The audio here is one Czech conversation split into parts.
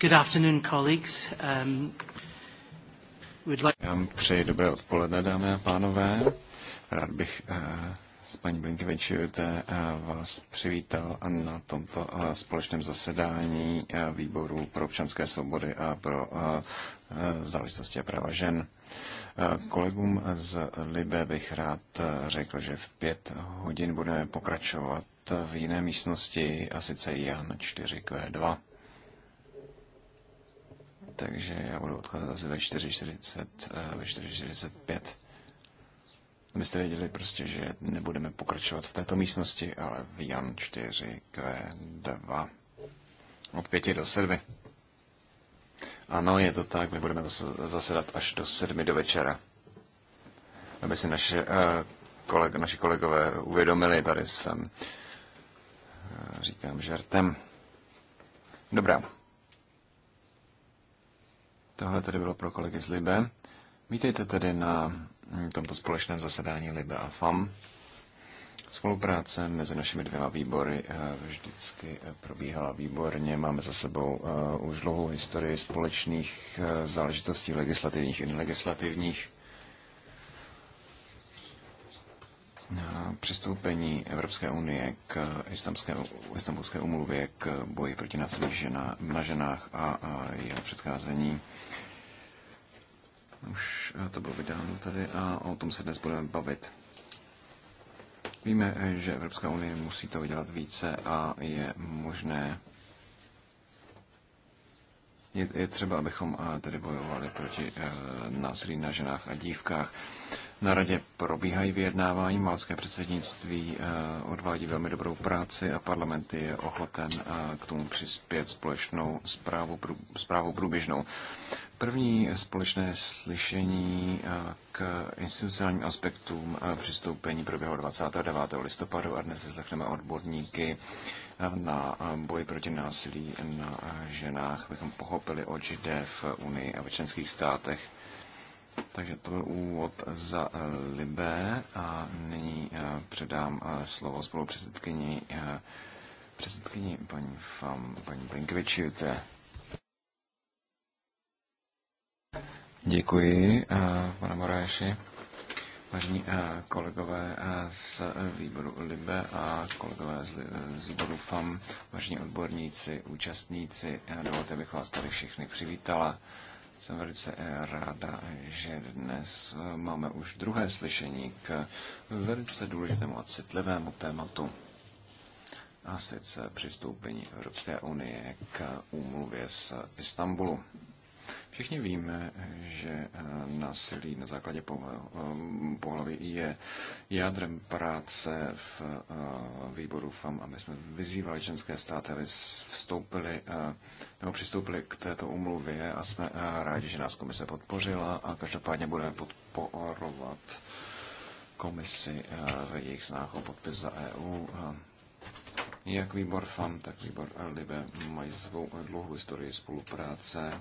Good afternoon, colleagues. Um, we'd like... Já vám přeji dobré odpoledne, dámy a pánové. Rád bych uh, s paní Blinkevičiuté uh, eh, vás přivítal na tomto uh, společném zasedání uh, výboru pro občanské svobody a pro uh, záležitosti a práva žen. kolegům z Libe bych rád řekl, že v pět hodin budeme pokračovat v jiné místnosti, a sice Jan 4Q2 takže já budu odcházet asi ve 4.40, eh, ve 4.45. Abyste věděli prostě, že nebudeme pokračovat v této místnosti, ale v Jan 4Q2 od 5 do 7. Ano, je to tak, my budeme zasedat až do 7 do večera. Aby si naše, uh, eh, koleg, naši kolegové uvědomili tady svém, uh, eh, říkám, žertem. Dobrá. Tohle tady bylo pro kolegy z Libe. Vítejte tedy na tomto společném zasedání Libe a FAM. Spolupráce mezi našimi dvěma výbory eh, vždycky eh, probíhala výborně. Máme za sebou eh, už dlouhou historii společných záležitostí legislativních i nelegislativních. přistoupení Evropské unie k istambulské umluvě k boji proti násilí žena, na ženách a, a jeho předcházení. Už eh, to bylo vydáno tady a o tom se dnes budeme bavit. Víme, eh, že Evropská unie musí to udělat více a je možné je, je třeba, abychom eh, tedy bojovali proti násilí na ženách a dívkách. Na radě probíhají vyjednávání, malské předsednictví eh, odvádí velmi dobrou práci a parlament je ochoten eh, k tomu přispět společnou zprávu, zprávu průběžnou. První společné slyšení eh, k institucionálním aspektům přistoupení proběhlo 29. listopadu a dnes zachneme odborníky na boj proti násilí na ženách, abychom pochopili, oč jde v Unii a ve členských státech. Takže to byl úvod za eh, Libé a nyní eh, předám eh, slovo spolupředsedkyni předsedkyni paní, Fam, paní Blinkevičiute. Děkuji, pane Moráši. Vážení kolegové z výboru LIBE a kolegové z, z výboru FAM, vážení odborníci, účastníci, dovolte bych vás tady všechny přivítala. Jsem velice eh, ráda, že dnes eh, máme už druhé slyšení k velice důležitému a citlivému tématu a sice přistoupení Evropské unie k úmluvě z Istanbulu. Všichni víme, že eh, násilí na základě eh, pohlaví je jádrem práce v eh, výboru FAM a my jsme vyzývali ženské státy, aby vstoupili nebo přistoupili k této umluvě a jsme rádi, že nás komise podpořila a každopádně budeme podporovat komisi ve jejich znách o podpis za EU. Jak výbor FAM, tak výbor LDB mají svou dlouhou historii spolupráce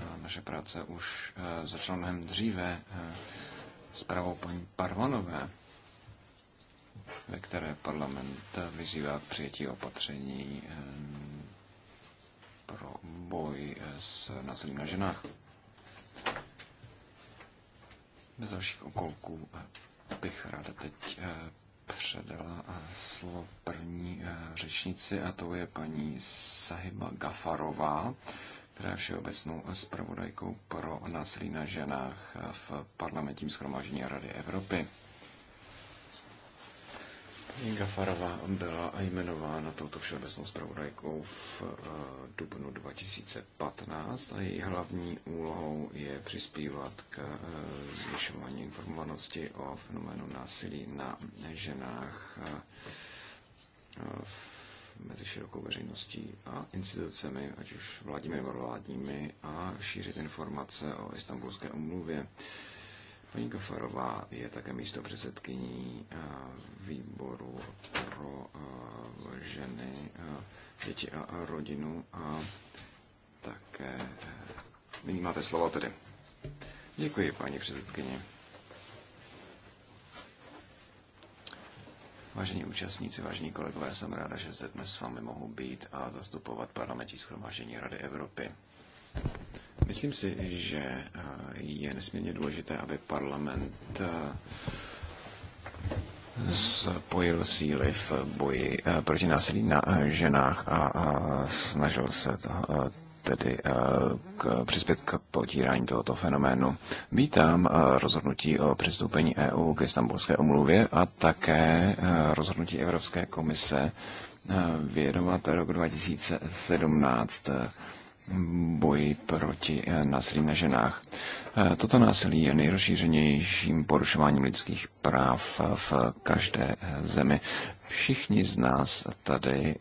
Eh, naše práce už eh, začala mnohem dříve eh, pravou paní Parvanové, ve které parlament vyzývá k přijetí opatření pro boj s násilím na ženách. Bez dalších okolků bych ráda teď předala slovo první řečnici a to je paní Sahiba Gafarová která je všeobecnou zpravodajkou pro násilí na ženách v parlamentním schromáždění Rady Evropy. Inga Farova byla jmenována touto všeobecnou zpravodajkou v eh, dubnu 2015 a její hlavní úlohou je přispívat k eh, zvyšování informovanosti o fenoménu násilí na ženách eh, v mezi širokou veřejností a institucemi, ať už vládními nebo vládními, a šířit informace o istambulské umluvě. Paní Kafarová je také místo předsedkyní eh, výboru pro eh, ženy, eh, děti a rodinu a také... Nyní máte slovo tedy. Děkuji, paní předsedkyně. Vážení účastníci, vážení kolegové, jsem ráda, že zde dnes s vámi mohu být a zastupovat parlamentní schromáždění Rady Evropy. Myslím si, že eh, je nesmírně důležité, aby parlament eh, spojil síly v boji eh, proti násilí na ženách a snažil se to, tedy eh, k, přispět k potírání tohoto fenoménu. Vítám eh, rozhodnutí o přistoupení EU k Istanbulské omluvě a také eh, rozhodnutí Evropské komise věnovat rok 2017 boji proti násilí na ženách. Toto násilí je nejrozšířenějším porušováním lidských práv v každé zemi. Všichni z nás tady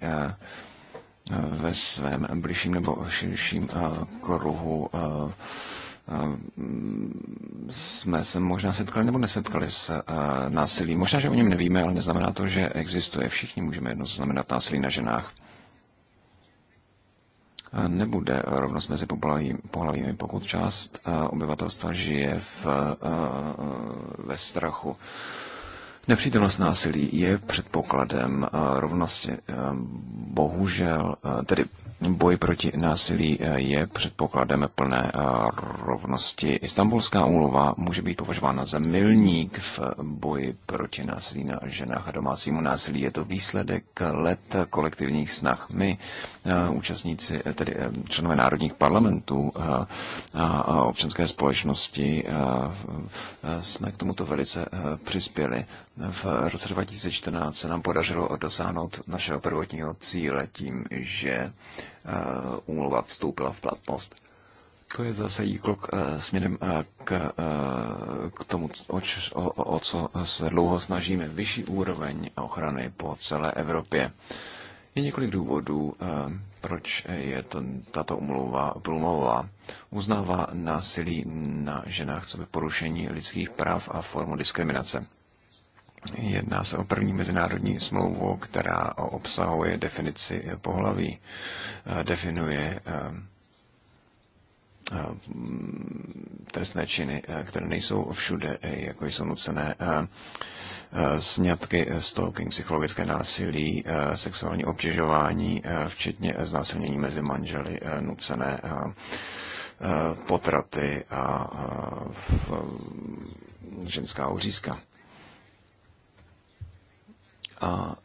ve svém blížším nebo širším eh, kruhu eh, eh, jsme se možná setkali nebo nesetkali s násilím. Možná, že o něm nevíme, ale neznamená to, že existuje. Všichni můžeme jedno znamenat násilí na ženách. Nebude rovnost mezi pohlavími, pokud část obyvatelstva žije v, ve strachu. Nepřítomnost násilí je předpokladem eh, rovnosti. Eh, bohužel, eh, tedy boj proti násilí je předpokladem plné rovnosti. Istanbulská úlova může být považována za milník v boji proti násilí na ženách a domácímu násilí. Je to výsledek let kolektivních snah. My, účastníci, tedy členové národních parlamentů a občanské společnosti, jsme k tomuto velice přispěli v roce 2014 se nám podařilo dosáhnout našeho prvotního cíle tím, že eh, úmluva vstoupila v platnost. To je zase jí krok eh, směrem eh, k, k tomu, o, o, o co se dlouho snažíme. Vyšší úroveň ochrany po celé Evropě. Je několik důvodů, proč je to, tato umluva průmluvá. Uznává násilí na ženách co by porušení lidských práv a formu diskriminace. Jedná se o první mezinárodní smlouvu, která obsahuje definici pohlaví, eh, definuje eh, eh, trestné činy, které nejsou všude, jako jsou nucené sňatky, stalking, psychologické násilí, sexuální obtěžování, včetně znásilnění mezi manželi, nucené potraty a ženská uřízka a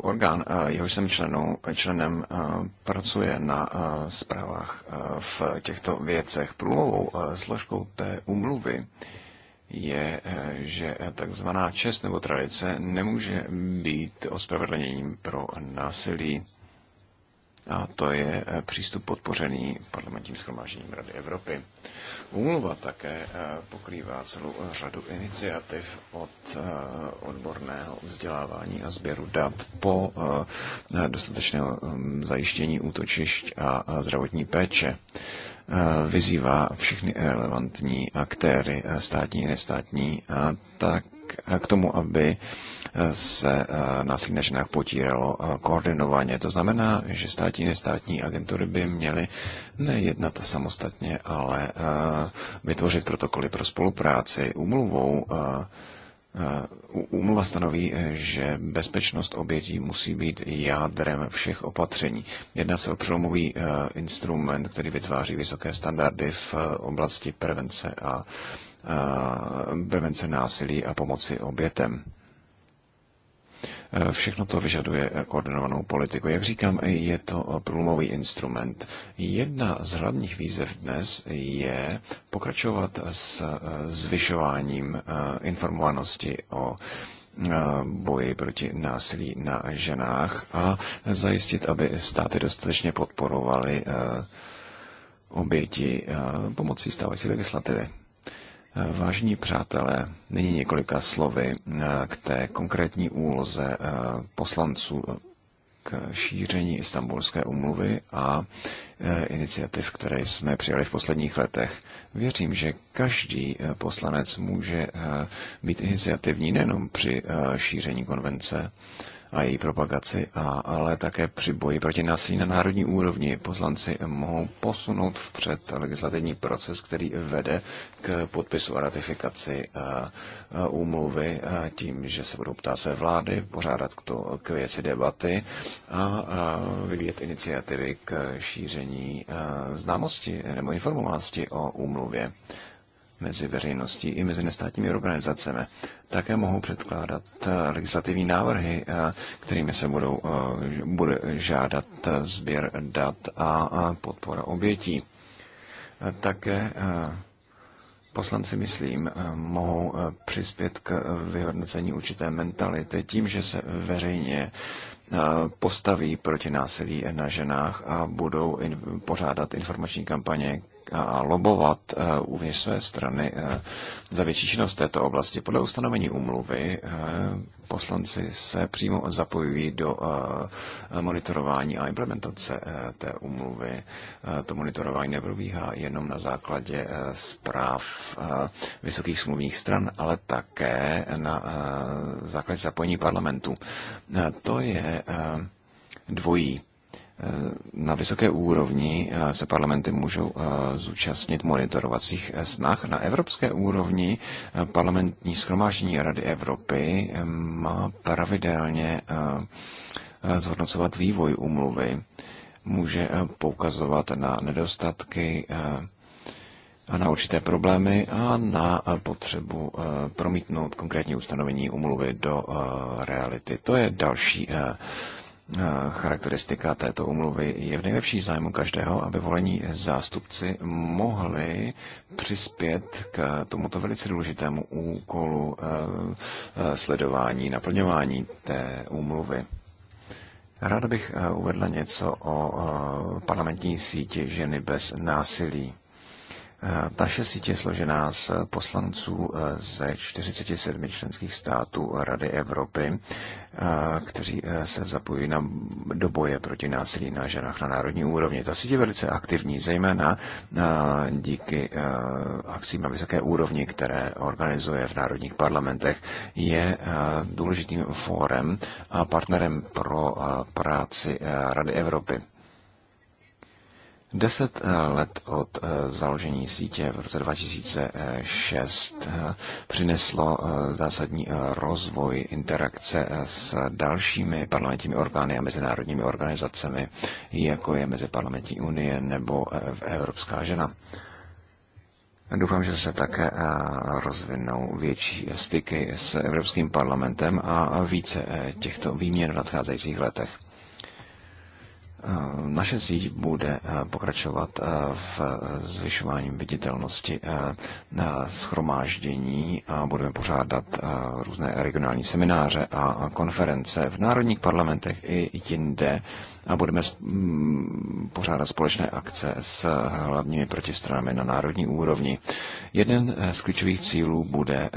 orgán, jehož jsem členu, členem, pracuje na zprávách v těchto věcech. Průlovou složkou té umluvy je, e, že takzvaná čest nebo tradice nemůže být ospravedlněním pro násilí a to je eh, přístup podpořený parlamentním schromážděním Rady Evropy. Úmluva také eh, pokrývá celou eh, řadu iniciativ od odborného vzdělávání a sběru dat po dostatečného mm, zajištění útočišť a zdravotní péče. Vyzývá všechny relevantní aktéry, státní i nestátní, a tak k tomu, aby se eh, na ženách potíralo eh, koordinovaně. To znamená, že státní nestátní agentury by měly nejednat samostatně, ale eh, vytvořit protokoly pro spolupráci. úmluvou. Úmluva stanoví, že bezpečnost obětí musí být jádrem všech opatření. Jedná se o přelomový instrument, který vytváří vysoké standardy v oblasti prevence a prevence násilí a pomoci obětem. Všechno to vyžaduje koordinovanou politiku. Jak říkám, je to průlomový instrument. Jedna z hlavních výzev dnes je pokračovat s eh, zvyšováním eh, informovanosti o eh, boji proti násilí na ženách a zajistit, aby státy dostatečně podporovaly oběti pomocí stávající legislativy. Vážení přátelé, nyní několika slovy eh, k té konkrétní úloze eh, poslanců eh, k šíření istambulské umluvy a iniciativ, které jsme přijali v posledních letech. Věřím, že každý poslanec může být iniciativní nejenom při šíření konvence, a její propagaci, a, ale také při boji proti násilí na národní úrovni poslanci mohou posunout vpřed legislativní proces, který vede k podpisu a ratifikaci úmluvy tím, že se budou ptát své vlády, pořádat k, to, k věci debaty a, a vyvíjet iniciativy k šíření známosti nebo informovanosti o úmluvě mezi veřejností i mezi nestátními organizacemi. Také mohou předkládat eh, legislativní návrhy, eh, kterými se budou, eh, bude žádat sběr dat a podpora obětí. Také poslanci, myslím, mohou přispět k vyhodnocení určité mentality tím, že se veřejně postaví proti násilí na ženách a budou pořádat informační kampaně a lobovat eh, uvnitř své strany eh, za větší činnost této oblasti. Podle ustanovení umluvy eh, poslanci se přímo zapojují do monitorování a implementace té umluvy. To monitorování neprobíhá jenom na základě zpráv vysokých smluvních stran, ale také na základě zapojení parlamentu. To je dvojí Eh, na vysoké úrovni eh, se parlamenty můžou eh, zúčastnit monitorovacích snah. Na evropské úrovni parlamentní schromáždění Rady Evropy má pravidelně zhodnocovat vývoj úmluvy, může poukazovat na nedostatky a na určité problémy a na potřebu promítnout konkrétní ustanovení umluvy do reality. To je další Eh, charakteristika této umluvy je v nejlepší zájmu každého, aby volení zástupci mohli přispět k tomuto velice důležitému úkolu eh, eh, sledování, naplňování té úmluvy. Ráda bych uvedla něco o parlamentní síti ženy bez násilí. Naše eh, síť je složená z poslanců eh, ze 47 členských států Rady Evropy, eh, kteří se zapojí na, do boje proti násilí na ženách na národní úrovni. Ta síť je velice aktivní, zejména díky akcím na vysoké úrovni, které organizuje v národních parlamentech. Je důležitým fórem a partnerem pro práci Rady Evropy. Deset eh, let od eh, založení sítě v roce 2006 eh, přineslo zásadní rozvoj interakce s dalšími parlamentními orgány a mezinárodními organizacemi, jako je Meziparlamentní unie nebo Evropská žena. Doufám, že se také rozvinou větší styky s Evropským parlamentem a více těchto výměn v nadcházejících letech. Eh, naše síť bude eh, pokračovat eh, v zvyšování viditelnosti schromáždění a budeme pořádat různé regionální semináře a konference v národních parlamentech i jinde a budeme mm, pořádat společné akce s hlavními protistranami na národní úrovni. Jeden z klíčových cílů bude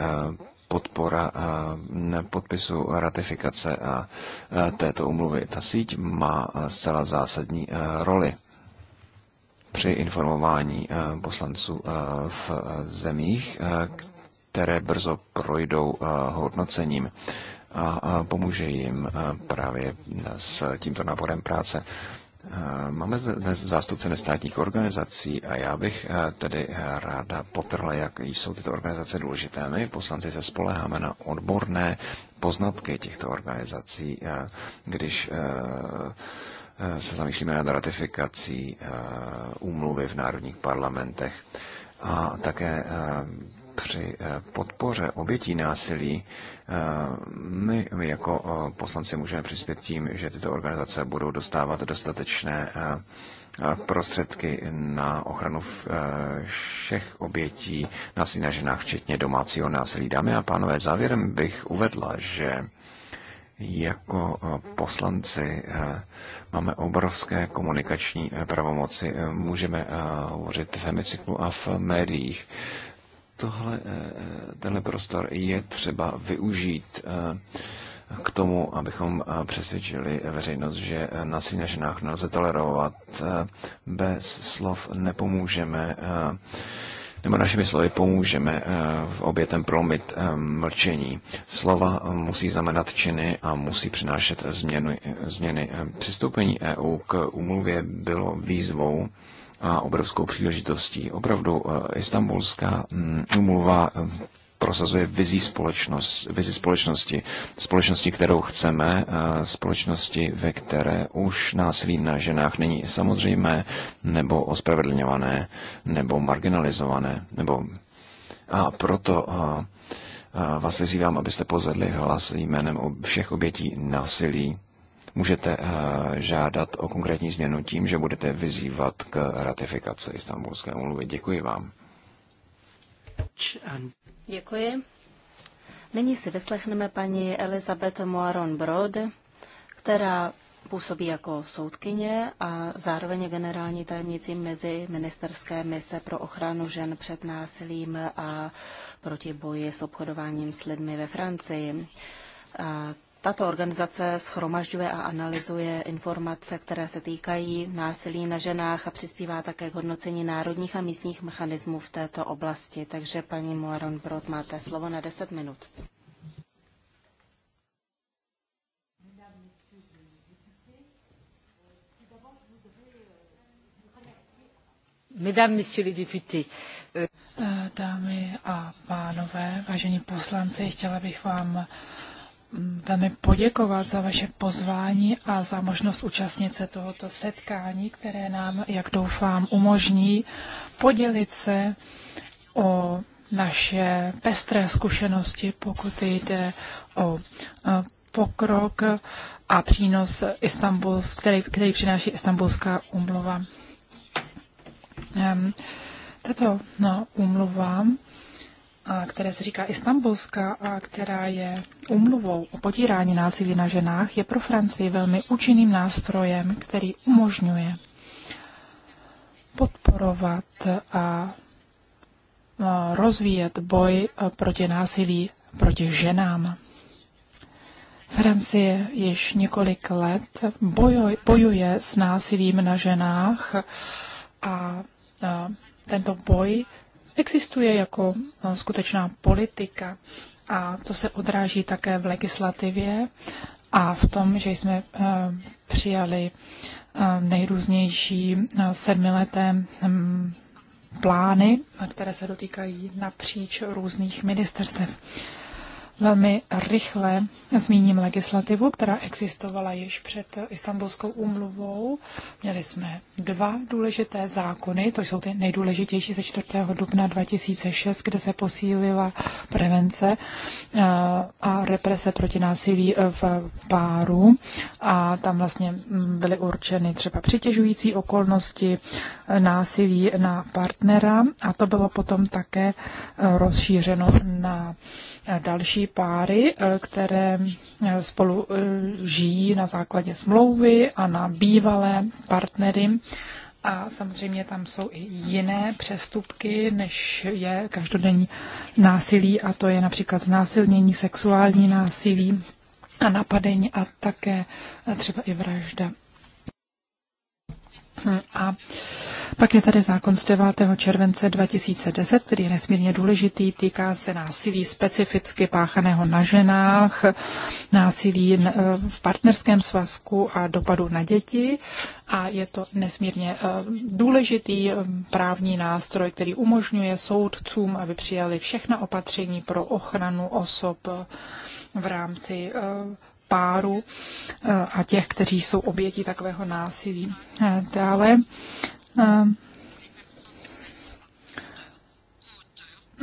podpora eh, podpisu ratifikace eh, eh, této umluvy. Ta síť má zcela zásadní roli při informování poslanců v zemích, které brzo projdou hodnocením a pomůže jim právě s tímto náborem práce. Eh, máme zde dnes zástupce nestátních organizací a já bych eh, tedy eh, ráda potrhla, jak jsou tyto organizace důležité. My poslanci se spoleháme na odborné poznatky těchto organizací, když se zamýšlíme nad ratifikací úmluvy v národních parlamentech a také při eh, podpoře obětí násilí eh, my jako eh, poslanci můžeme přispět tím, že tyto organizace budou dostávat dostatečné prostředky na ochranu všech obětí násilí na ženách, včetně domácího násilí. Dámy a pánové, závěrem bych uvedla, že jako poslanci máme obrovské komunikační pravomoci. Můžeme hovořit v hemicyklu a v médiích tohle, eh, eh, tenhle prostor je třeba využít eh, k tomu, abychom přesvědčili veřejnost, že na svých ženách nelze tolerovat. Bez slov nepomůžeme, nebo našimi slovy pomůžeme v obětem promit mlčení. Slova musí znamenat činy a musí přinášet změny. změny. Přistoupení EU k úmluvě bylo výzvou, a obrovskou příležitostí. Opravdu eh, Istanbulská umluva mm, eh, prosazuje vizi, společnost, vizi společnosti, společnosti, kterou chceme, eh, společnosti, ve které už násilí na ženách není samozřejmé, nebo ospravedlňované, nebo marginalizované, nebo a proto vás vyzývám, abyste pozvedli hlas jménem všech obětí násilí můžete eh, žádat o konkrétní změnu tím, že budete vyzývat k ratifikaci Istanbulské umluvy. Děkuji vám. Děkuji. Nyní si vyslechneme paní Elizabeth Moaron Brode, která působí jako soudkyně a zároveň generální tajemnicí mezi ministerské mise pro ochranu žen před násilím a proti boji s obchodováním s lidmi ve Francii. A tato organizace schromažďuje a analyzuje informace, které se týkají násilí na ženách a přispívá také k hodnocení národních a místních mechanismů v této oblasti. Takže paní Moaron Brod, máte slovo na 10 minut. Euh, Dámy a pánové, vážení poslanci, chtěla bych vám velmi poděkovat za vaše pozvání a za možnost účastnit se tohoto setkání, které nám, jak doufám, umožní podělit se o naše pestré zkušenosti, pokud jde o e, pokrok a přínos, Istanbul, který, který přináší Istanbulská umluva. Tato no, umluva které se říká Istanbulská a která je umluvou o potírání násilí na ženách, je pro Francii velmi účinným nástrojem, který umožňuje podporovat a rozvíjet boj proti násilí proti ženám. Francie již několik let bojuje, s násilím na ženách a tento boj existuje jako eh, skutečná politika a to se odráží také v legislativě a v tom, že jsme eh, přijali eh, nejrůznější sedmileté mm, plány, které se dotýkají napříč různých ministerstev. Velmi rychle Zmíním legislativu, která existovala již před Istanbulskou úmluvou. Měli jsme dva důležité zákony, to jsou ty nejdůležitější ze 4. dubna 2006, kde se posílila prevence eh, a represe proti násilí eh, v páru. A tam vlastně mm, byly určeny třeba přitěžující okolnosti eh, násilí na partnera a to bylo potom také rozšířeno na další páry, které Eh, spolu eh, žijí na základě smlouvy a na bývalé partnery. A samozřejmě tam jsou i jiné přestupky, než je každodenní násilí, a to je například znásilnění, sexuální násilí a napadení a také eh, třeba i vražda. Hm, a pak je tady zákon z 9. července 2010, který je nesmírně důležitý, týká se násilí specificky páchaného na ženách, násilí v partnerském svazku a dopadu na děti. A je to nesmírně eh, důležitý eh, právní nástroj, který umožňuje soudcům, aby přijali všechna opatření pro ochranu osob eh, v rámci páru a těch, kteří jsou oběti takového násilí. Dále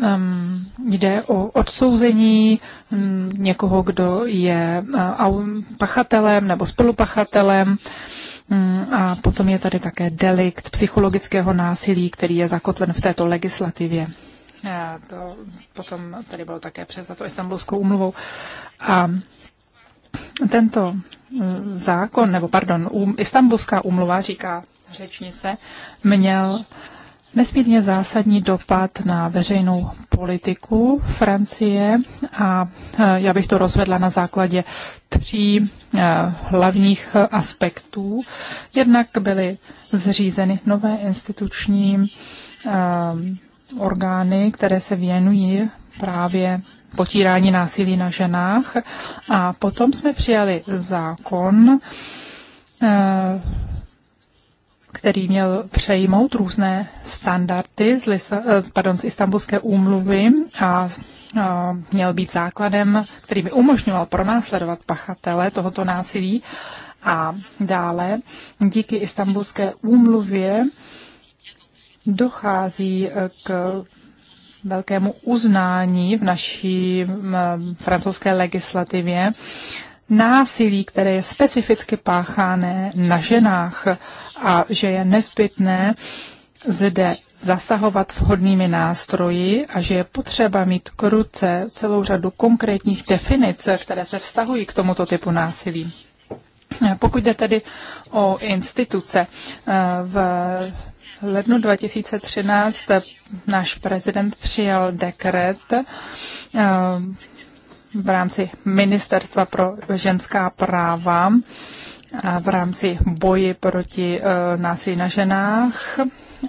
Um, jde o odsouzení hm, někoho, kdo je eh, pachatelem nebo spolupachatelem. Hm, a potom je tady také delikt psychologického násilí, který je zakotven v této legislativě. A eh, to potom tady bylo také přes to istambulskou umluvou. A tento hm, zákon, nebo pardon, um, istambulská umluva říká řečnice, měl nesmírně zásadní dopad na veřejnou politiku Francie a e, já bych to rozvedla na základě tří e, hlavních aspektů. Jednak byly zřízeny nové instituční e, orgány, které se věnují právě potírání násilí na ženách. A potom jsme přijali zákon, který měl přejmout různé standardy z, Lisa, eh, pardon, z Istanbulské úmluvy a, a měl být základem, který by umožňoval pronásledovat pachatele tohoto násilí. A dále díky Istanbulské úmluvě dochází eh, k velkému uznání v naší eh, francouzské legislativě násilí, které je specificky páchané na ženách a že je nezbytné zde zasahovat vhodnými nástroji a že je potřeba mít k ruce celou řadu konkrétních definic, které se vztahují k tomuto typu násilí. Pokud jde tedy o instituce, eh, v lednu 2013 náš prezident přijal dekret eh, v rámci Ministerstva pro ženská práva a v rámci boji proti e, násilí na ženách.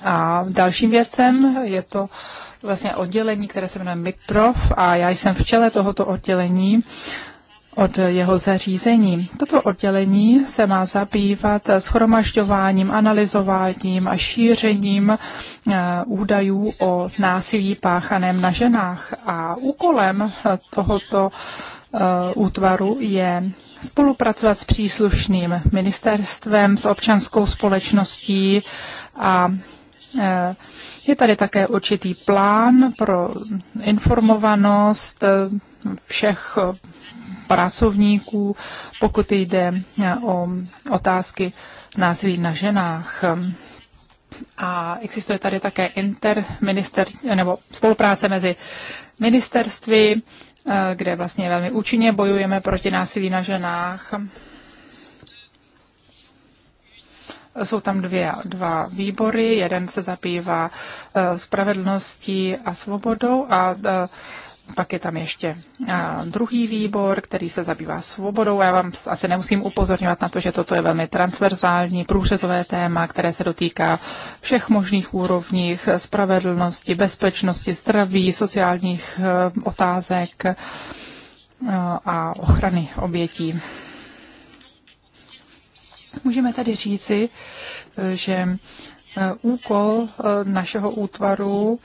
A dalším věcem je to vlastně oddělení, které se jmenuje MIPROV a já jsem v čele tohoto oddělení od jeho zařízení. Toto oddělení se má zabývat schromažďováním, analyzováním a šířením eh, údajů o násilí páchaném na ženách. A úkolem eh, tohoto eh, útvaru je spolupracovat s příslušným ministerstvem, s občanskou společností a je tady také určitý plán pro informovanost všech pracovníků, pokud jde eh, o otázky násilí na ženách. A existuje tady také interminister, nebo spolupráce mezi ministerstvy, eh, kde vlastně velmi účinně bojujeme proti násilí na ženách. Jsou tam dvě, dva výbory, jeden se zabývá eh, spravedlností a svobodou a pak je tam ještě druhý výbor, který se zabývá svobodou. Já vám asi nemusím upozorňovat na to, že toto je velmi transverzální, průřezové téma, které se dotýká všech možných úrovních spravedlnosti, bezpečnosti, zdraví, sociálních e, otázek e, a ochrany obětí. Můžeme tady říci, e, že úkol našeho útvaru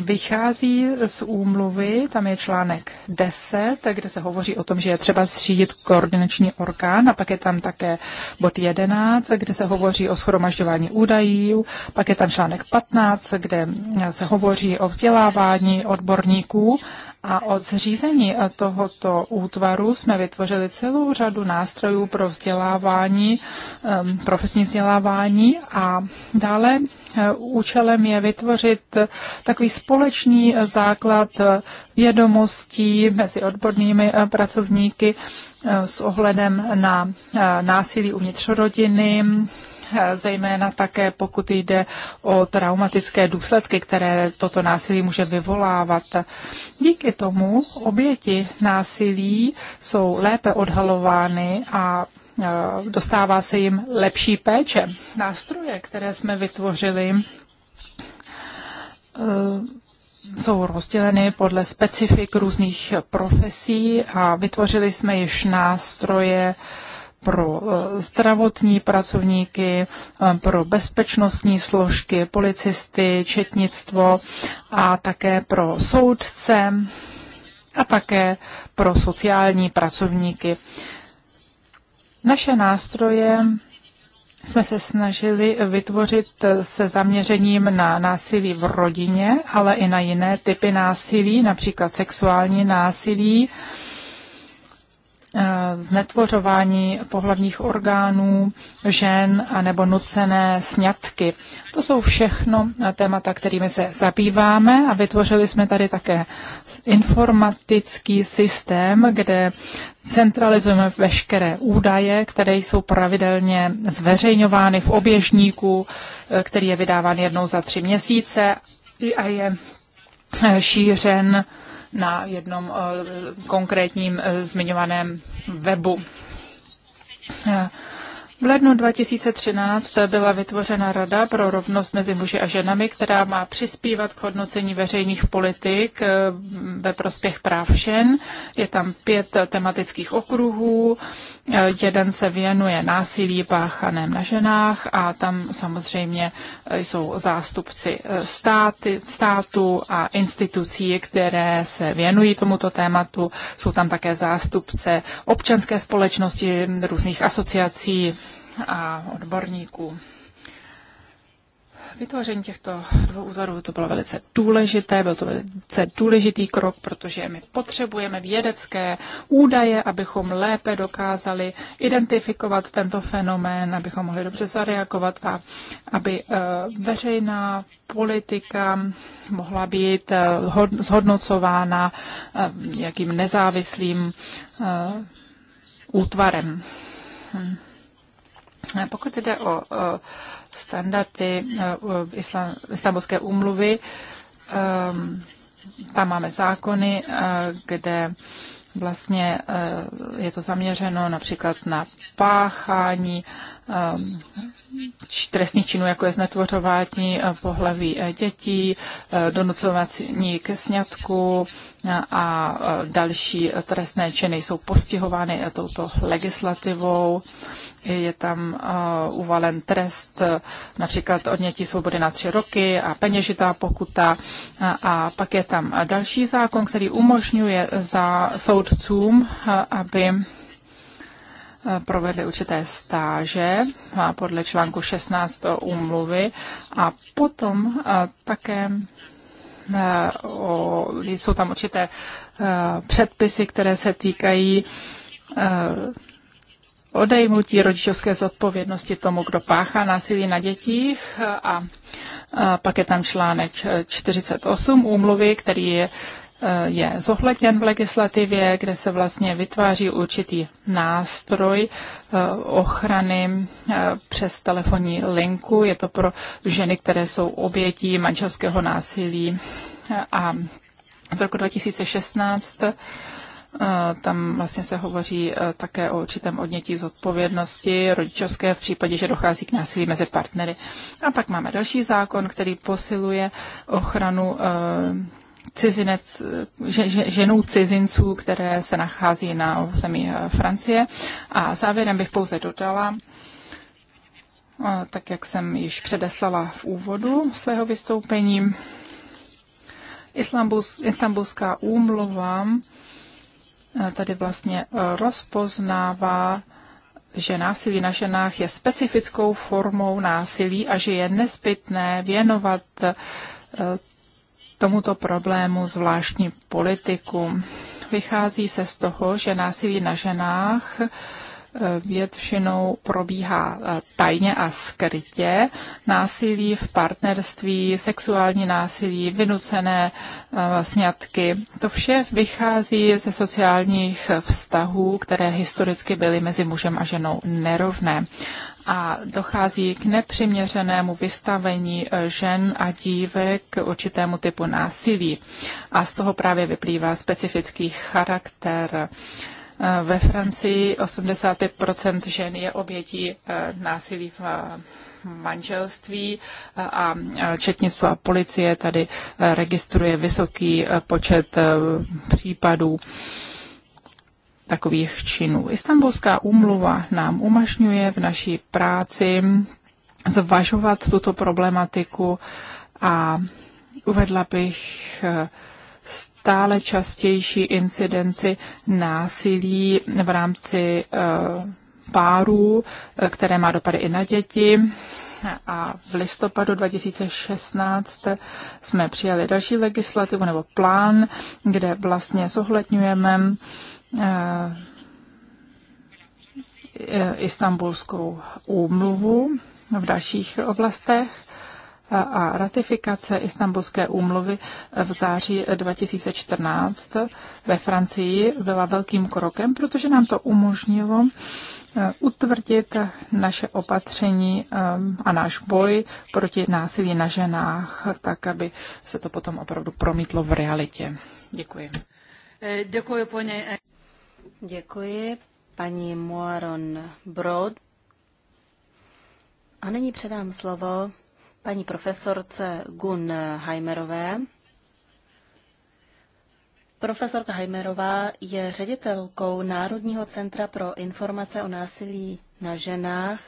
vychází z úmluvy, tam je článek 10, kde se hovoří o tom, že je třeba zřídit koordinační orgán a pak je tam také bod 11, kde se hovoří o schromažďování údajů, pak je tam článek 15, kde se hovoří o vzdělávání odborníků a od zřízení tohoto útvaru jsme vytvořili celou řadu nástrojů pro vzdělávání, profesní vzdělávání a dále eh, účelem je vytvořit takový společný základ vědomostí mezi odbornými eh, pracovníky eh, s ohledem na násilí uvnitř rodiny, Eh, zejména také pokud jde o traumatické důsledky, které toto násilí může vyvolávat. Díky tomu oběti násilí jsou lépe odhalovány a eh, dostává se jim lepší péče. Nástroje, které jsme vytvořili, eh, jsou rozděleny podle specifik různých profesí a vytvořili jsme již nástroje pro eh, zdravotní pracovníky, eh, pro bezpečnostní složky, policisty, četnictvo a také pro soudce a také pro sociální pracovníky. Naše nástroje jsme se snažili vytvořit se zaměřením na násilí v rodině, ale i na jiné typy násilí, například sexuální násilí, Eh, znetvořování pohlavních orgánů žen a nebo nucené sňatky. To jsou všechno eh, témata, kterými se zabýváme a vytvořili jsme tady také informatický systém, kde centralizujeme veškeré údaje, které jsou pravidelně zveřejňovány v oběžníku, eh, který je vydáván jednou za tři měsíce a je šířen na jednom eh, konkrétním eh, zmiňovaném webu. Eh, v lednu 2013 byla vytvořena Rada pro rovnost mezi muži a ženami, která má přispívat k hodnocení veřejných politik ve prospěch práv žen. Je tam pět tematických okruhů Eh, jeden se věnuje násilí páchaném na ženách a tam samozřejmě eh, jsou zástupci eh, státy, státu a institucí, které se věnují tomuto tématu. Jsou tam také zástupce občanské společnosti, různých asociací a odborníků. Vytvoření těchto dvou útvarů to bylo velice důležité, byl to velice důležitý krok, protože my potřebujeme vědecké údaje, abychom lépe dokázali identifikovat tento fenomén, abychom mohli dobře zareagovat a aby eh, veřejná politika mohla být eh, zhodnocována eh, jakým nezávislým útvarem. Hm. Pokud jde o standardy eh, Istanbulské úmluvy. Ehm, tam máme zákony, eh, kde vlastně eh, je to zaměřeno například na páchání Um, trestných činů, jako je znetvořování eh, pohlaví eh, dětí, eh, donucování ke sňatku a další trestné činy jsou postihovány touto legislativou. Je tam uvalen trest například odnětí svobody na tři roky a peněžitá pokuta. A pak je tam další zákon, který umožňuje za soudcům, aby provedli určité stáže podle článku 16 úmluvy a potom také jsou tam určité předpisy, které se týkají odejmutí rodičovské zodpovědnosti tomu, kdo páchá násilí na dětích a pak je tam článek 48 úmluvy, který je Eh, je zohledněn v legislativě, kde se vlastně vytváří určitý nástroj eh, ochrany eh, přes telefonní linku. Je to pro ženy, které jsou obětí manželského násilí. A z roku 2016 tam vlastně se hovoří také o určitém odnětí z odpovědnosti rodičovské v případě, že dochází k násilí mezi partnery. A pak máme další zákon, který posiluje ochranu cizinec, ženů cizinců, které se nachází na území eh, Francie. A závěrem bych pouze dodala, eh, tak jak jsem již předeslala v úvodu svého vystoupení, Istanbulská úmluva eh, tady vlastně rozpoznává že násilí na ženách je specifickou formou násilí a že je nezbytné věnovat tomuto problému zvláštní politiku. Vychází se z toho, že násilí na ženách eh, většinou probíhá eh, tajně a skrytě. Násilí v partnerství, sexuální násilí, vynucené eh, sňatky. To vše vychází ze sociálních vztahů, které historicky byly mezi mužem a ženou nerovné a dochází k nepřiměřenému vystavení eh, žen a dívek k určitému typu násilí. A z toho právě vyplývá specifický charakter. Eh, ve Francii 85 žen je obětí eh, násilí v manželství a a policie tady registruje vysoký počet případů takových činů. Istanbulská úmluva nám umožňuje v naší práci zvažovat tuto problematiku a uvedla bych eh, stále častější incidenci násilí v rámci eh, párů, eh, které má dopady i na děti. A v listopadu 2016 jsme přijali další legislativu nebo plán, kde vlastně zohledňujeme Eh, eh, istambulskou úmluvu v dalších oblastech a ratifikace istambulské úmluvy v září 2014 ve Francii byla velkým krokem, protože nám to umožnilo eh, utvrdit naše opatření a náš boj proti násilí na ženách, tak aby se to potom opravdu promítlo v realitě. Děkuji. Děkuji, paní. Děkuji paní Moaron Brod. A nyní předám slovo paní profesorce Gun Heimerové. Profesorka Heimerová je ředitelkou Národního centra pro informace o násilí na ženách,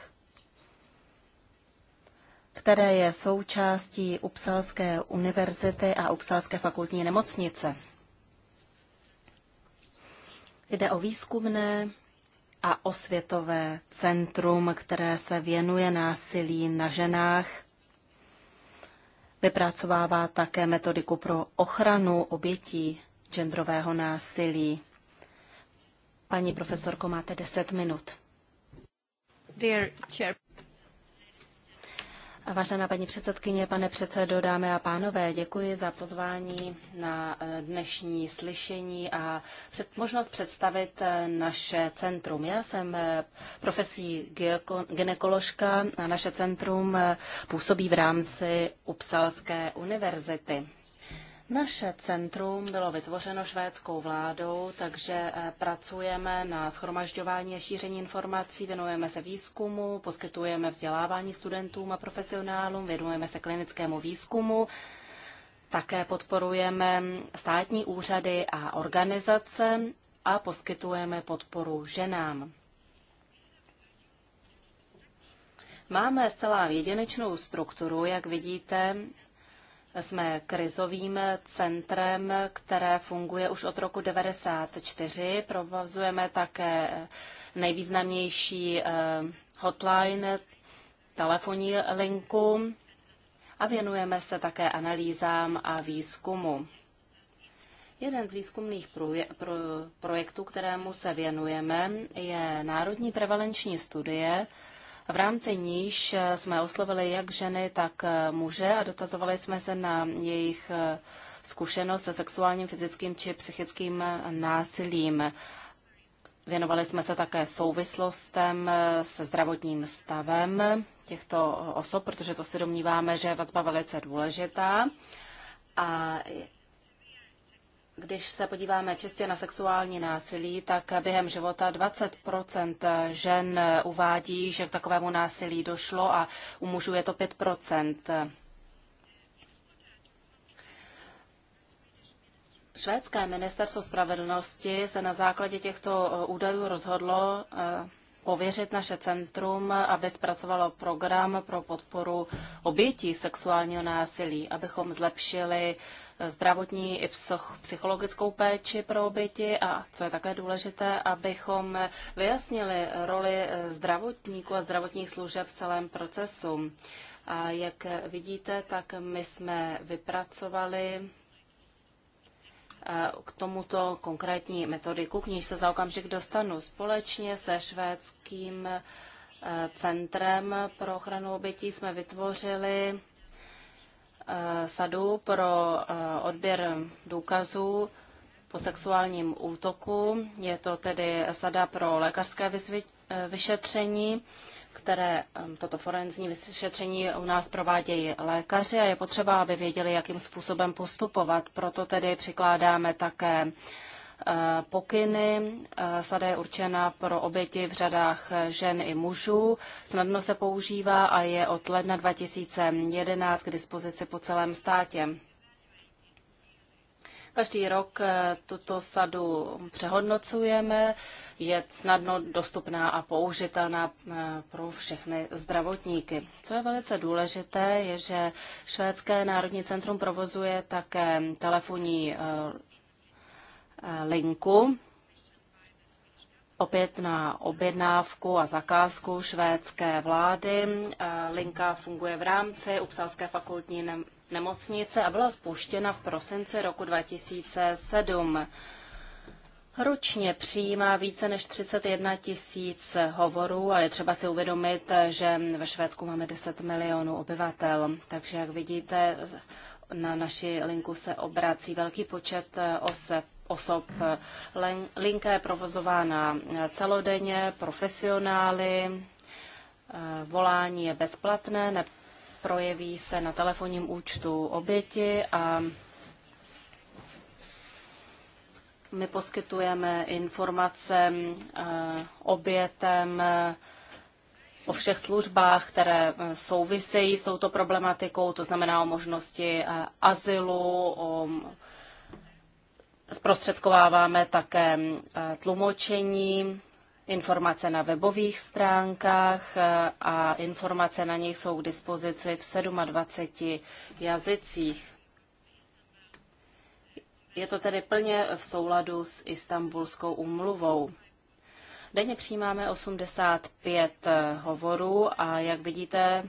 které je součástí Upsalské univerzity a Upsalské fakultní nemocnice. Jde o výzkumné a osvětové centrum, které se věnuje násilí na ženách. Vypracovává také metodiku pro ochranu obětí genderového násilí. Paní profesorko, máte 10 minut. Dear chair. Vážená paní předsedkyně, pane předsedo, dámy a pánové, děkuji za pozvání na eh, dnešní slyšení a před, možnost představit eh, naše centrum. Já jsem eh, profesí ginekoložka a naše centrum působí v rámci Upsalské univerzity. Naše centrum bylo vytvořeno švédskou vládou, takže eh, pracujeme na schromažďování a šíření informací, věnujeme se výzkumu, poskytujeme vzdělávání studentům a profesionálům, věnujeme se klinickému výzkumu, také podporujeme státní úřady a organizace a poskytujeme podporu ženám. Máme zcela jedinečnou strukturu, jak vidíte, jsme krizovým centrem, které funguje už od roku 1994. Provozujeme také nejvýznamnější eh, hotline, telefonní linku a věnujeme se také analýzám a výzkumu. Jeden z výzkumných projektů, kterému se věnujeme, je Národní prevalenční studie, v rámci níž eh, jsme oslovili jak ženy, tak eh, muže a dotazovali jsme se na jejich eh, zkušenost se sexuálním, fyzickým či psychickým násilím. Věnovali jsme se také souvislostem se zdravotním stavem těchto osob, protože to si domníváme, že je vazba velice důležitá. A když se podíváme čistě na sexuální násilí, tak během života 20 žen uvádí, že k takovému násilí došlo a u mužů je to 5 Švédské ministerstvo spravedlnosti se na základě těchto údajů rozhodlo eh, pověřit naše centrum, aby zpracovalo program pro podporu obětí sexuálního násilí, abychom zlepšili zdravotní i psychologickou péči pro oběti a, co je také důležité, abychom vyjasnili roli zdravotníků a zdravotních služeb v celém procesu. A jak vidíte, tak my jsme vypracovali Eh, k tomuto konkrétní metodiku, k níž se za okamžik dostanu společně se švédským eh, centrem pro ochranu obětí jsme vytvořili eh, sadu pro odběr důkazů po sexuálním útoku. Je to tedy sada pro lékařské vyšetření které toto forenzní vyšetření u nás provádějí lékaři a je potřeba, aby věděli, jakým způsobem postupovat. Proto tedy přikládáme také eh, pokyny. Eh, sada je určena pro oběti v řadách žen i mužů. Snadno se používá a je od ledna 2011 k dispozici po celém státě. Každý rok eh, tuto sadu přehodnocujeme, je snadno dostupná a použitelná eh, pro všechny zdravotníky. Co je velice důležité, je, že Švédské národní centrum provozuje také telefonní eh, linku, opět na objednávku a zakázku švédské vlády. Linka funguje v rámci Upsalské fakultní nemocnice a byla spuštěna v prosinci roku 2007. Ručně přijímá více než 31 tisíc hovorů a je třeba si uvědomit, že ve Švédsku máme 10 milionů obyvatel. Takže jak vidíte, na naši linku se obrací velký počet osob osob. Linka je provozována celodenně, profesionály, eh, volání je bezplatné, projeví se na telefonním účtu oběti a my poskytujeme informace eh, obětem eh, o všech službách, které eh, souvisejí s touto problematikou, to znamená o možnosti azylu, o zprostředkováváme také tlumočení Informace na webových stránkách eh, a informace na nich jsou k dispozici v 27 jazycích. Je to tedy plně v souladu s Istanbulskou umluvou. Denně přijímáme 85 hovorů a jak vidíte,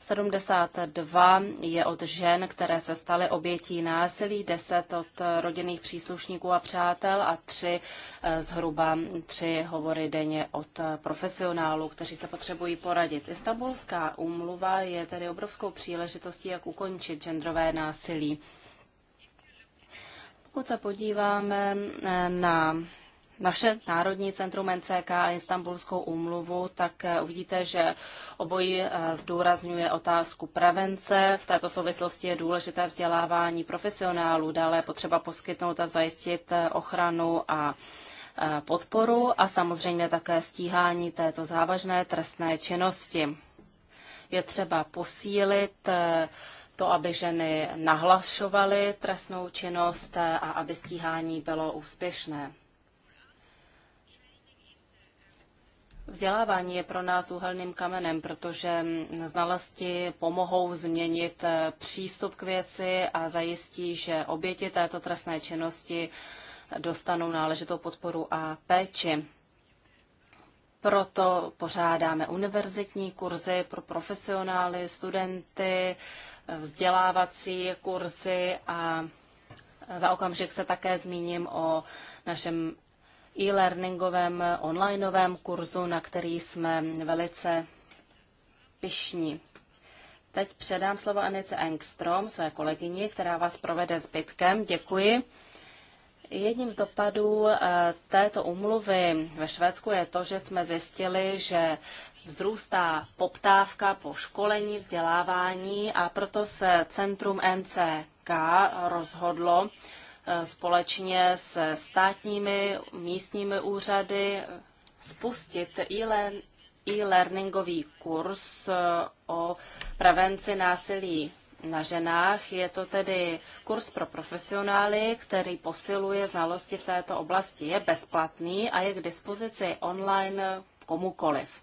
72 je od žen, které se staly obětí násilí, 10 od rodinných příslušníků a přátel a 3 eh, zhruba 3 hovory denně od profesionálů, kteří se potřebují poradit. Istanbulská úmluva je tedy obrovskou příležitostí, jak ukončit genderové násilí. Pokud se podíváme eh, na naše Národní centrum NCK a Istanbulskou úmluvu, tak eh, uvidíte, že obojí eh, zdůrazňuje otázku prevence. V této souvislosti je důležité vzdělávání profesionálů, dále je potřeba poskytnout a zajistit eh, ochranu a podporu a samozřejmě také stíhání této závažné trestné činnosti. Je třeba posílit to, aby ženy nahlašovaly trestnou činnost a aby stíhání bylo úspěšné. Vzdělávání je pro nás úhelným kamenem, protože znalosti pomohou změnit eh, přístup k věci a zajistí, že oběti této trestné činnosti dostanou náležitou podporu a péči. Proto pořádáme univerzitní kurzy pro profesionály, studenty, eh, vzdělávací kurzy a za okamžik se také zmíním o našem e-learningovém onlineovém kurzu, na který jsme velice pišní. Teď předám slovo Anice Engstrom, své kolegyni, která vás provede zbytkem. Děkuji. Jedním z dopadů eh, této umluvy ve Švédsku je to, že jsme zjistili, že vzrůstá poptávka po školení, vzdělávání a proto se centrum NCK rozhodlo, Eh, společně se státními místními úřady spustit e-learningový kurz eh, o prevenci násilí na ženách. Je to tedy kurz pro profesionály, který posiluje znalosti v této oblasti. Je bezplatný a je k dispozici online komukoliv.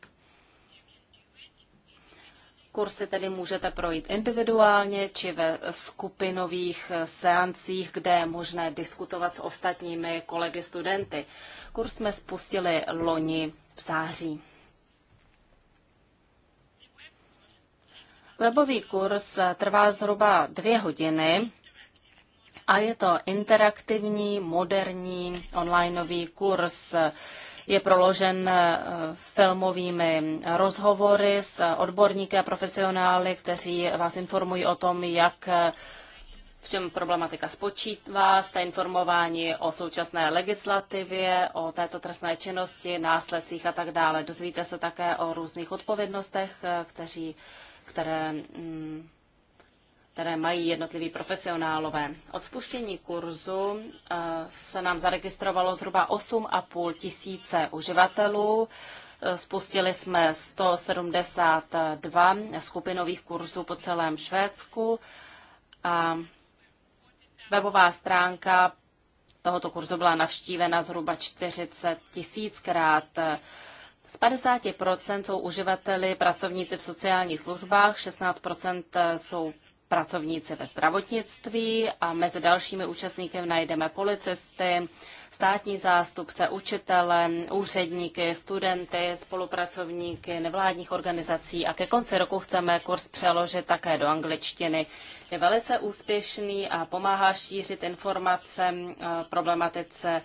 Kursy tedy můžete projít individuálně či ve skupinových eh, seancích, kde je možné diskutovat s ostatními kolegy studenty. Kurs jsme spustili loni v září. Webový kurz eh, trvá zhruba dvě hodiny a je to interaktivní, moderní onlineový kurz. Je proložen eh, filmovými rozhovory s odborníky a profesionály, kteří vás informují o tom, jak eh, v čem problematika spočítá. jste informování o současné legislativě, o této trestné činnosti, následcích a tak dále. Dozvíte se také o různých odpovědnostech, eh, kteří, které mm, které mají jednotliví profesionálové. Od spuštění kurzu eh, se nám zaregistrovalo zhruba 8,5 tisíce uživatelů. Eh, spustili jsme 172 skupinových kurzů po celém Švédsku a webová stránka tohoto kurzu byla navštívena zhruba 40 tisíckrát. Z 50% jsou uživateli pracovníci v sociálních službách, 16% jsou pracovníci ve zdravotnictví a mezi dalšími účastníky najdeme policisty, státní zástupce, učitele, úředníky, studenty, spolupracovníky nevládních organizací a ke konci roku chceme kurz přeložit také do angličtiny. Je velice úspěšný a pomáhá šířit informace eh, problematice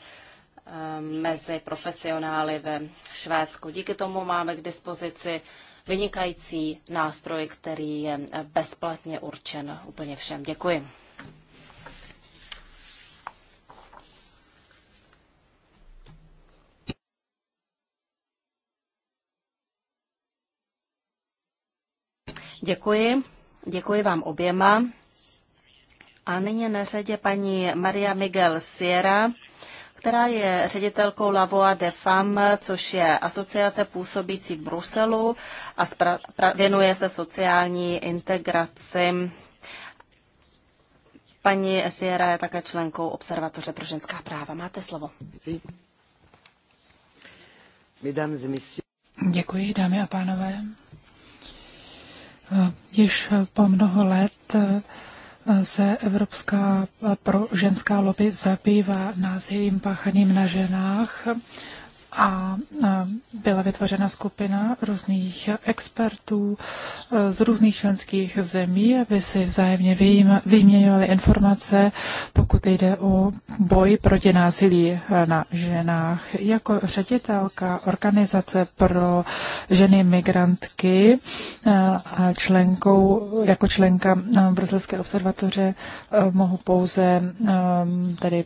eh, mezi profesionály ve Švédsku. Díky tomu máme k dispozici vynikající nástroj, který je bezplatně určen úplně všem. Děkuji. Děkuji. Děkuji vám oběma. A nyní na řadě paní Maria Miguel Sierra, která je ředitelkou Lavoa de Fam, což je asociace působící v Bruselu a věnuje se sociální integraci. Paní Sierra je také členkou Observatoře pro ženská práva. Máte slovo. Děkuji, dámy a pánové. Již po mnoho let se Evropská pro ženská lobby zabývá násilím páchaným na ženách a e, byla vytvořena skupina různých expertů e, z různých členských zemí, aby si vzájemně vyměňovali informace, pokud jde o boj proti násilí e, na ženách. Jako ředitelka organizace pro ženy migrantky a členkou, jako členka Bruselské observatoře mohu pouze tady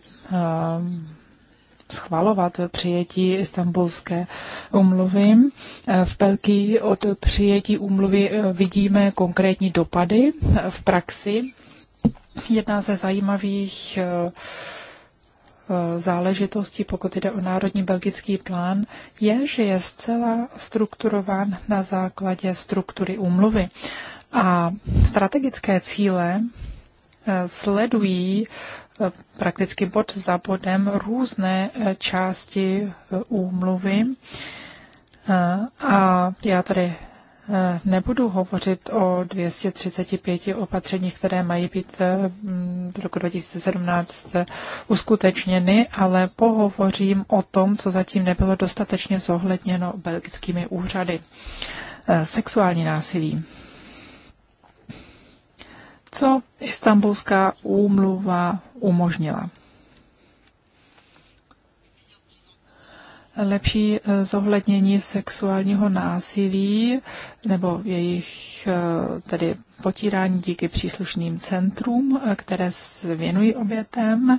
schvalovat přijetí istambulské umluvy. V Belgii od přijetí umluvy eh, vidíme konkrétní dopady eh, v praxi. jedna ze zajímavých eh, záležitostí, pokud jde o národní belgický plán, je, že je zcela strukturován na základě struktury úmluvy. A strategické cíle sledují prakticky bod za bodem různé eh, části eh, úmluvy. Eh, a já tady Nebudu hovořit o 235 opatřeních, které mají být do roku 2017 uskutečněny, ale pohovořím o tom, co zatím nebylo dostatečně zohledněno belgickými úřady. Sexuální násilí co Istanbulská úmluva umožnila. lepší eh, zohlednění sexuálního násilí nebo jejich eh, tedy potírání díky příslušným centrům, eh, které se věnují obětem,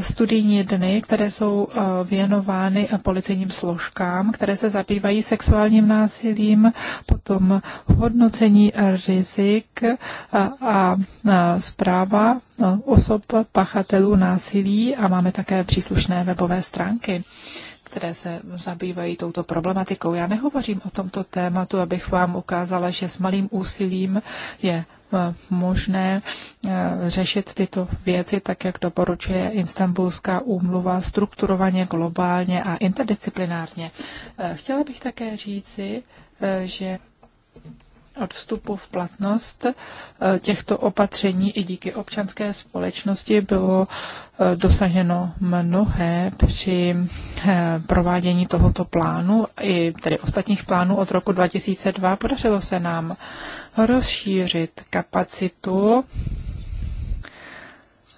studijní dny, které jsou věnovány policejním složkám, které se zabývají sexuálním násilím, potom hodnocení rizik a zpráva osob pachatelů násilí a máme také příslušné webové stránky které se zabývají touto problematikou. Já nehovořím o tomto tématu, abych vám ukázala, že s malým úsilím je eh, možné eh, řešit tyto věci tak, jak doporučuje Istanbulská úmluva strukturovaně, globálně a interdisciplinárně. Eh, chtěla bych také říci, že od vstupu v platnost eh, těchto opatření i díky občanské společnosti bylo eh, dosaženo mnohé při eh, provádění tohoto plánu i tedy ostatních plánů od roku 2002. Podařilo se nám rozšířit kapacitu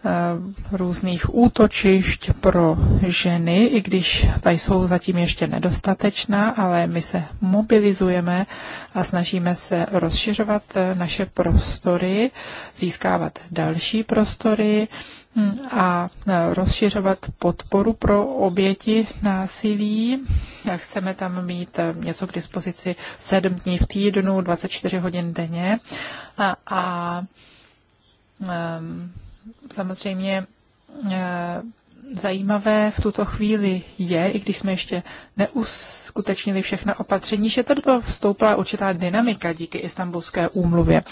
Eh, různých útočišť pro ženy, i když ta jsou zatím ještě nedostatečná, ale my se mobilizujeme a snažíme se rozšiřovat eh, naše prostory, získávat další prostory hm, a eh, rozšiřovat podporu pro oběti násilí. Chceme tam mít něco k dispozici 7 dní v týdnu, 24 hodin denně a, a um, samozřejmě eh, zajímavé v tuto chvíli je, i když jsme ještě neuskutečnili všechna opatření, že tady to vstoupila určitá dynamika díky istambulské úmluvě.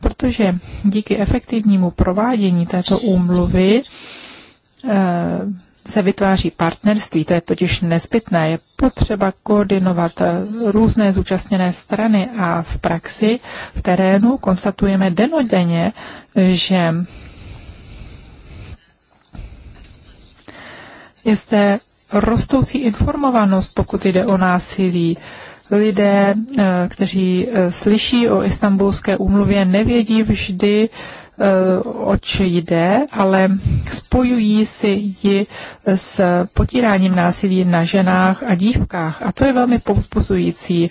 Protože díky efektivnímu provádění této úmluvy eh, se vytváří partnerství, to je totiž nezbytné, je potřeba koordinovat eh, různé zúčastněné strany a v praxi, v terénu konstatujeme denodenně, že je zde rostoucí informovanost, pokud jde o násilí. Lidé, eh, kteří eh, slyší o istambulské úmluvě, nevědí vždy, eh, oč jde, ale spojují si ji s potíráním násilí na ženách a dívkách. A to je velmi povzbuzující,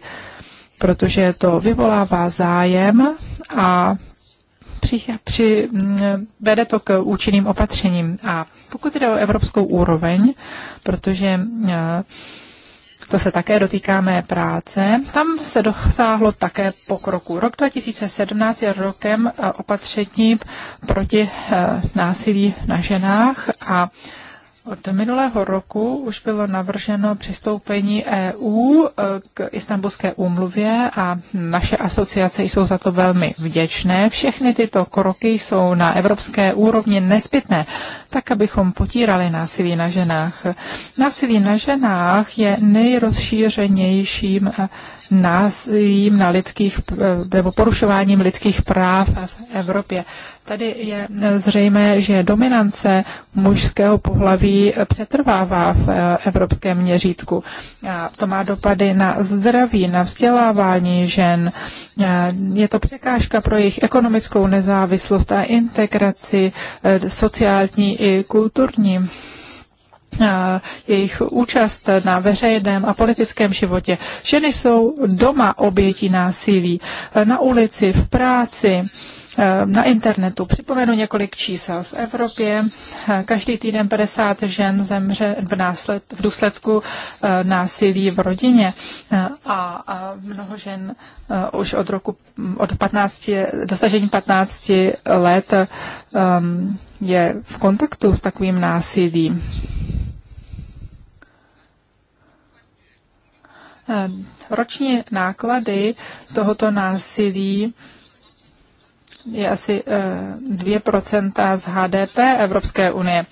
protože to vyvolává zájem a při, při, mm, vede to k účinným opatřením. A pokud jde o evropskou úroveň, protože mm, to se také dotýká mé práce. Tam se dosáhlo také pokroku. Rok 2017 je rokem eh, opatření proti eh, násilí na ženách a od minulého roku už bylo navrženo přistoupení EU e, k Istanbulské úmluvě a naše asociace jsou za to velmi vděčné. Všechny tyto kroky jsou na evropské úrovni nezbytné, tak abychom potírali násilí na ženách. Násilí na ženách je nejrozšířenějším e, násilím na lidských, nebo porušováním lidských práv v Evropě. Tady je zřejmé, že dominance mužského pohlaví přetrvává v eh, evropském měřítku. To má dopady na zdraví, na vzdělávání žen. Je to překážka pro jejich ekonomickou nezávislost a integraci eh, sociální i kulturní jejich účast na veřejném a politickém životě. Ženy jsou doma obětí násilí, na ulici, v práci Eh, na internetu. Připomenu několik čísel. V Evropě eh, každý týden 50 žen zemře v, násled, v důsledku eh, násilí v rodině a mnoho žen už od roku od 15, dosažení 15 let je v kontaktu s takovým násilím. Roční náklady tohoto násilí je asi 2% eh, z HDP Evropské unie.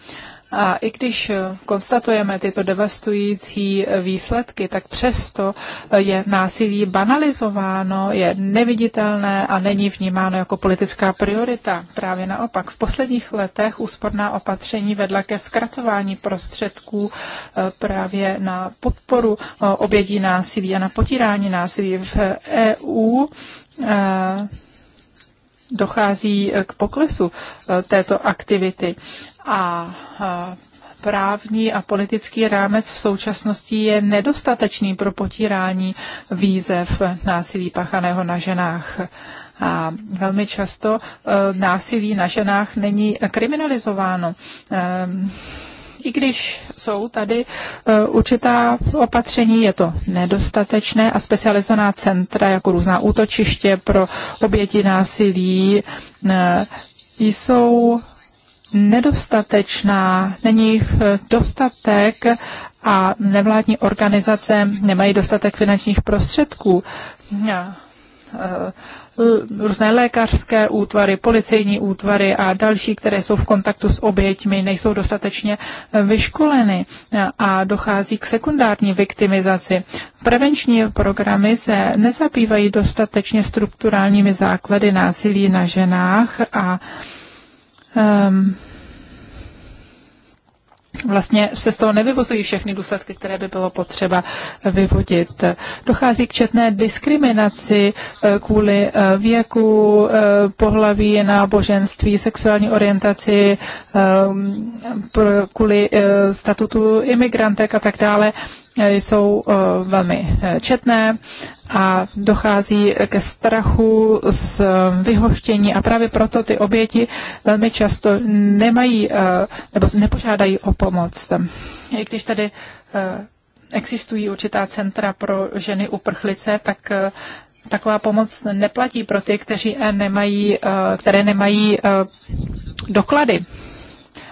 A i když eh, konstatujeme tyto devastující eh, výsledky, tak přesto je násilí banalizováno, je neviditelné a není vnímáno jako politická priorita. Právě naopak, v posledních letech úsporná opatření vedla ke zkracování prostředků právě na podporu obědí násilí a na potírání násilí v EU dochází eh, k poklesu eh, této aktivity. A eh, právní a politický rámec v současnosti je nedostatečný pro potírání výzev násilí pachaného na ženách. A velmi často e, násilí na ženách není kriminalizováno. E, i když jsou tady e, určitá opatření, je to nedostatečné a specializovaná centra, jako různá útočiště pro oběti násilí, e, jsou nedostatečná, není jich e, dostatek a nevládní organizace nemají dostatek finančních prostředků. Eh, různé lékařské útvary, policejní útvary a další, které jsou v kontaktu s oběťmi, nejsou dostatečně eh, vyškoleny eh, a dochází k sekundární viktimizaci. Prevenční programy se nezabývají dostatečně strukturálními základy násilí na ženách a um, vlastně se z toho nevyvozují všechny důsledky, které by bylo potřeba vyvodit. Dochází k četné diskriminaci eh, kvůli eh, věku, eh, pohlaví, náboženství, sexuální orientaci, kvůli statutu imigrantek a tak dále. Eh, jsou eh, velmi eh, četné a dochází ke strachu z vyhoštění a právě proto ty oběti velmi často nemají nebo nepožádají o pomoc. I když tady existují určitá centra pro ženy uprchlice, tak taková pomoc neplatí pro ty, kteří nemají, které nemají doklady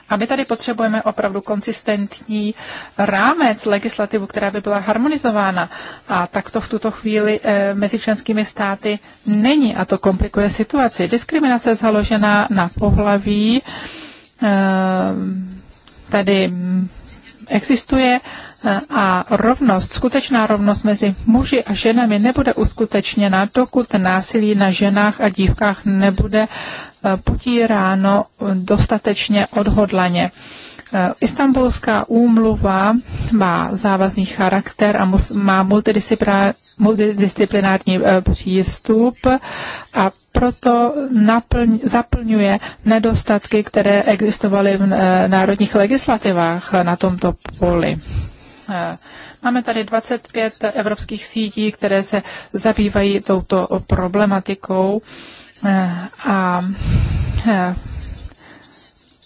a my tady potřebujeme opravdu konsistentní rámec legislativu, která by byla harmonizována. A tak to v tuto chvíli eh, mezi členskými státy není a to komplikuje situaci. Diskriminace založená na pohlaví eh, tady existuje a rovnost, skutečná rovnost mezi muži a ženami nebude uskutečněna, dokud násilí na ženách a dívkách nebude e, potíráno dostatečně odhodlaně. E, Istanbulská úmluva má závazný charakter a má multidisciplinární e, přístup a proto naplň, zaplňuje nedostatky, které existovaly v národních legislativách na tomto poli. Eh, máme tady 25 evropských sítí, které se zabývají touto problematikou eh, a eh,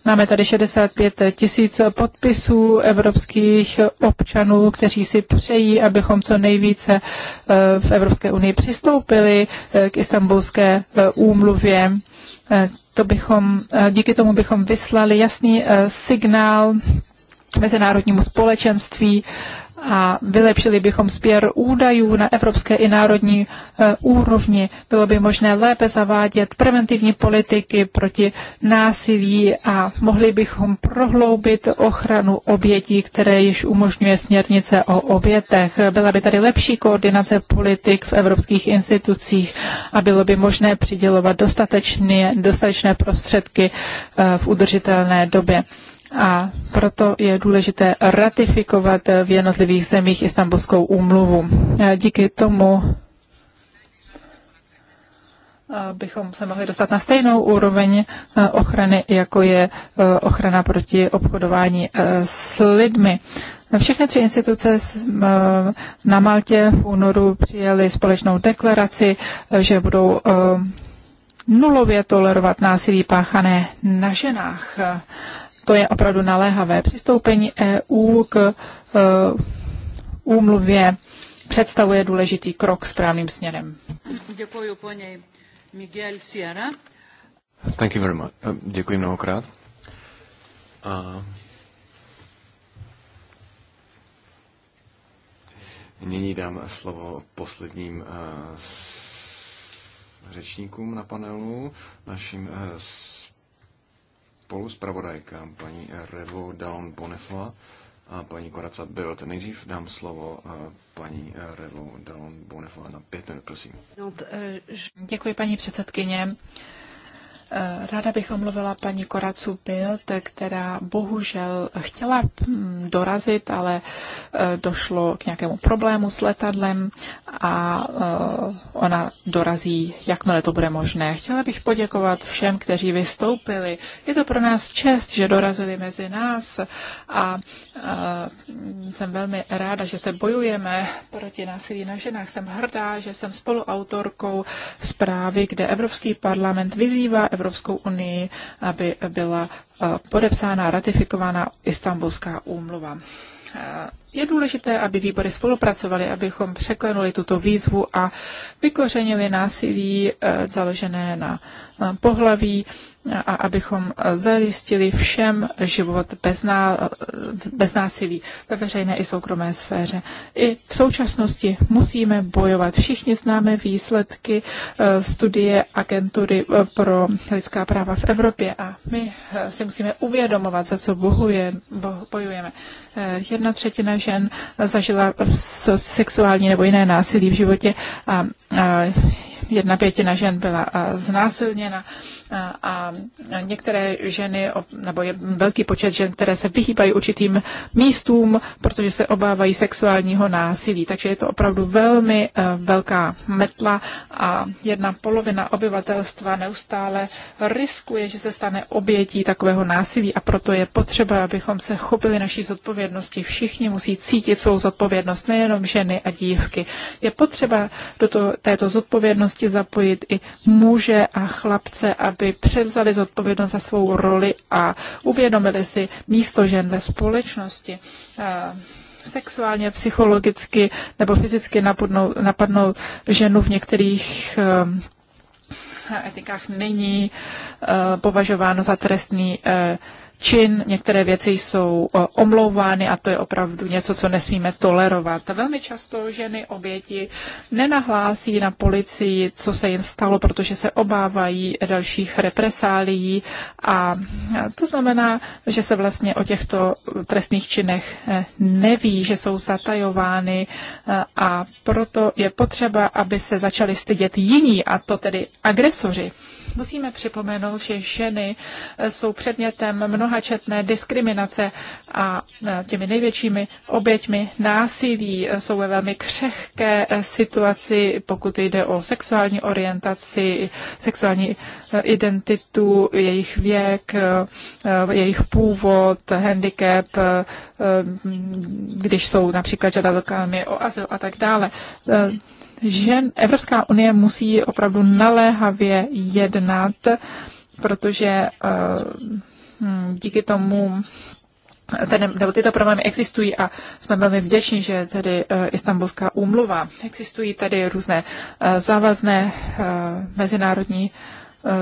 Máme tady 65 tisíc podpisů evropských občanů, kteří si přejí, abychom co nejvíce v Evropské unii přistoupili k istambulské úmluvě. To bychom, díky tomu bychom vyslali jasný signál mezinárodnímu společenství a vylepšili bychom sběr údajů na evropské i národní e, úrovni. Bylo by možné lépe zavádět preventivní politiky proti násilí a mohli bychom prohloubit ochranu obětí, které již umožňuje směrnice o obětech. Byla by tady lepší koordinace politik v evropských institucích a bylo by možné přidělovat dostatečné, dostatečné prostředky e, v udržitelné době a proto je důležité ratifikovat v jednotlivých zemích Istanbulskou úmluvu. Díky tomu bychom se mohli dostat na stejnou úroveň ochrany, jako je e, ochrana proti obchodování e, s lidmi. Všechny tři instituce e, na Maltě v únoru přijeli společnou deklaraci, že budou nulově tolerovat násilí páchané na ženách to je opravdu naléhavé. Přistoupení EU k e, úmluvě představuje důležitý krok správným směrem. Děkuji, paní Miguel Sierra. Thank you very much. Eh, děkuji mnohokrát. A... Nyní dám slovo posledním eh, řečníkům na panelu, našim eh, spoluzpravodajka, paní Revo Dalon Bonefa a paní Koraca Ten Nejdřív dám slovo eh, paní Revo Dalon Bonefa na pět minut, prosím. Děkuji, paní předsedkyně. Ráda bych omluvila paní Koracu Bild, která bohužel chtěla hm, dorazit, ale eh, došlo k nějakému problému s letadlem a eh, ona dorazí, jakmile to bude možné. Chtěla bych poděkovat všem, kteří vystoupili. Je to pro nás čest, že dorazili mezi nás a eh, jsem velmi ráda, že se bojujeme proti násilí na ženách. Jsem hrdá, že jsem spoluautorkou zprávy, kde Evropský parlament vyzývá Evropskou unii, aby byla eh, podepsána, ratifikována Istanbulská úmluva. Eh, je důležité, aby výbory spolupracovaly, abychom překlenuli tuto výzvu a vykořenili násilí eh, založené na pohlaví a abychom eh, zajistili všem život bez, ná, bez násilí ve veřejné i soukromé sféře. I v současnosti musíme bojovat. Všichni známe výsledky eh, studie agentury eh, pro lidská práva v Evropě a my si musíme uvědomovat, za co bohuje, bo, bojujeme. Jedna třetina žen zažila sexuální nebo jiné násilí v životě a, a jedna pětina žen byla znásilněna a některé ženy, nebo je velký počet žen, které se vyhýbají určitým místům, protože se obávají sexuálního násilí. Takže je to opravdu velmi eh, velká metla a jedna polovina obyvatelstva neustále riskuje, že se stane obětí takového násilí a proto je potřeba, abychom se chopili naší zodpovědnosti. Všichni musí cítit svou zodpovědnost, nejenom ženy a dívky. Je potřeba do to, této zodpovědnosti zapojit i muže a chlapce, aby aby převzali zodpovědnost za svou roli a uvědomili si místo žen ve společnosti eh, sexuálně, psychologicky nebo fyzicky napadnou, napadnou ženu v některých eh, etikách není eh, považováno za trestný čin, některé věci jsou eh, omlouvány a to je opravdu něco, co nesmíme tolerovat. Velmi často ženy oběti nenahlásí na policii, co se jim stalo, protože se obávají dalších represálií a eh, to znamená, že se vlastně o těchto trestných činech eh, neví, že jsou zatajovány a proto je potřeba, aby se začali stydět jiní a to tedy agresoři. Musíme připomenout, že ženy eh, jsou předmětem mnohačetné diskriminace a eh, těmi největšími oběťmi násilí eh, jsou ve velmi křehké situaci, pokud jde o sexuální orientaci, sexuální identitu, jejich věk, jejich původ, handicap, když jsou například žadatelkami o azyl a tak dále že Evropská unie musí opravdu naléhavě jednat, protože eh, hm, díky tomu ten, nebo tyto problémy existují a jsme velmi vděční, že tedy eh, Istanbulská úmluva. Existují tady různé eh, závazné mezinárodní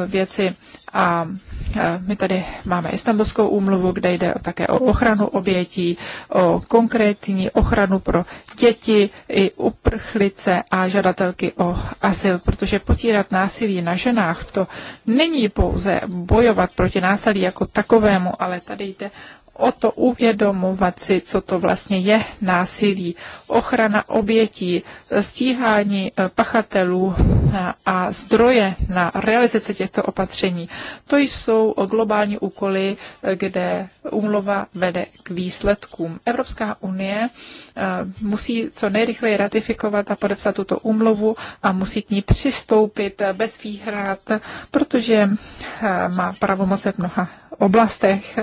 věci. A e, my tady máme Istanbulskou úmluvu, kde jde také o ochranu obětí, o konkrétní ochranu pro děti i uprchlice a žadatelky o azyl, protože potírat násilí na ženách to není pouze bojovat proti násilí jako takovému, ale tady jde o to uvědomovat si, co to vlastně je násilí, ochrana obětí, stíhání eh, pachatelů eh, a zdroje na realizaci těchto opatření. To jsou globální úkoly, eh, kde úmluva vede k výsledkům. Evropská unie musí co nejrychleji ratifikovat a podepsat tuto úmluvu a musí k ní přistoupit bez výhrad, protože má pravomoce v mnoha oblastech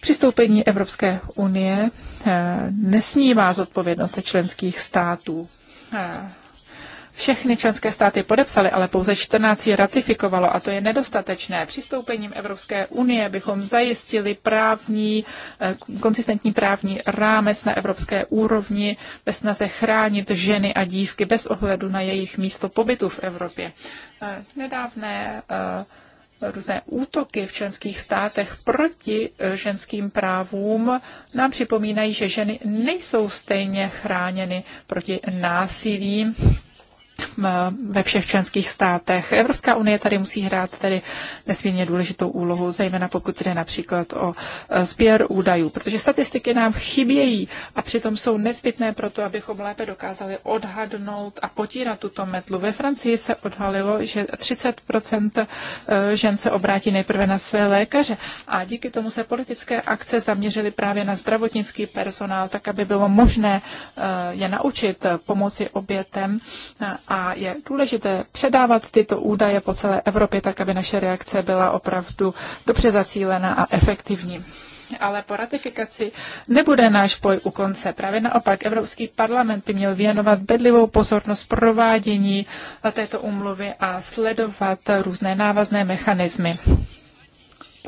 Přistoupení Evropské unie eh, nesnívá zodpovědnost členských států. Eh, všechny členské státy podepsaly, ale pouze 14 ji ratifikovalo a to je nedostatečné. Přistoupením Evropské unie bychom zajistili právní, eh, konsistentní právní rámec na evropské úrovni ve snaze chránit ženy a dívky bez ohledu na jejich místo pobytu v Evropě. Nedávné uh, různé útoky v členských státech proti eh, ženským právům nám připomínají, že ženy nejsou stejně chráněny proti násilí ve všech členských státech. Evropská unie tady musí hrát tedy nesmírně důležitou úlohu, zejména pokud jde například o e, sběr údajů, protože statistiky nám chybějí a přitom jsou nezbytné pro to, abychom lépe dokázali odhadnout a potírat tuto metlu. Ve Francii se odhalilo, že 30 e, žen se obrátí nejprve na své lékaře a díky tomu se politické akce zaměřily právě na zdravotnický personál, tak aby bylo možné e, je naučit pomoci obětem a je důležité předávat tyto údaje po celé Evropě, tak aby naše reakce byla opravdu dobře zacílená a efektivní. Ale po ratifikaci nebude náš boj u konce. Právě naopak, Evropský parlament by měl věnovat bedlivou pozornost provádění této úmluvy a sledovat různé návazné mechanismy.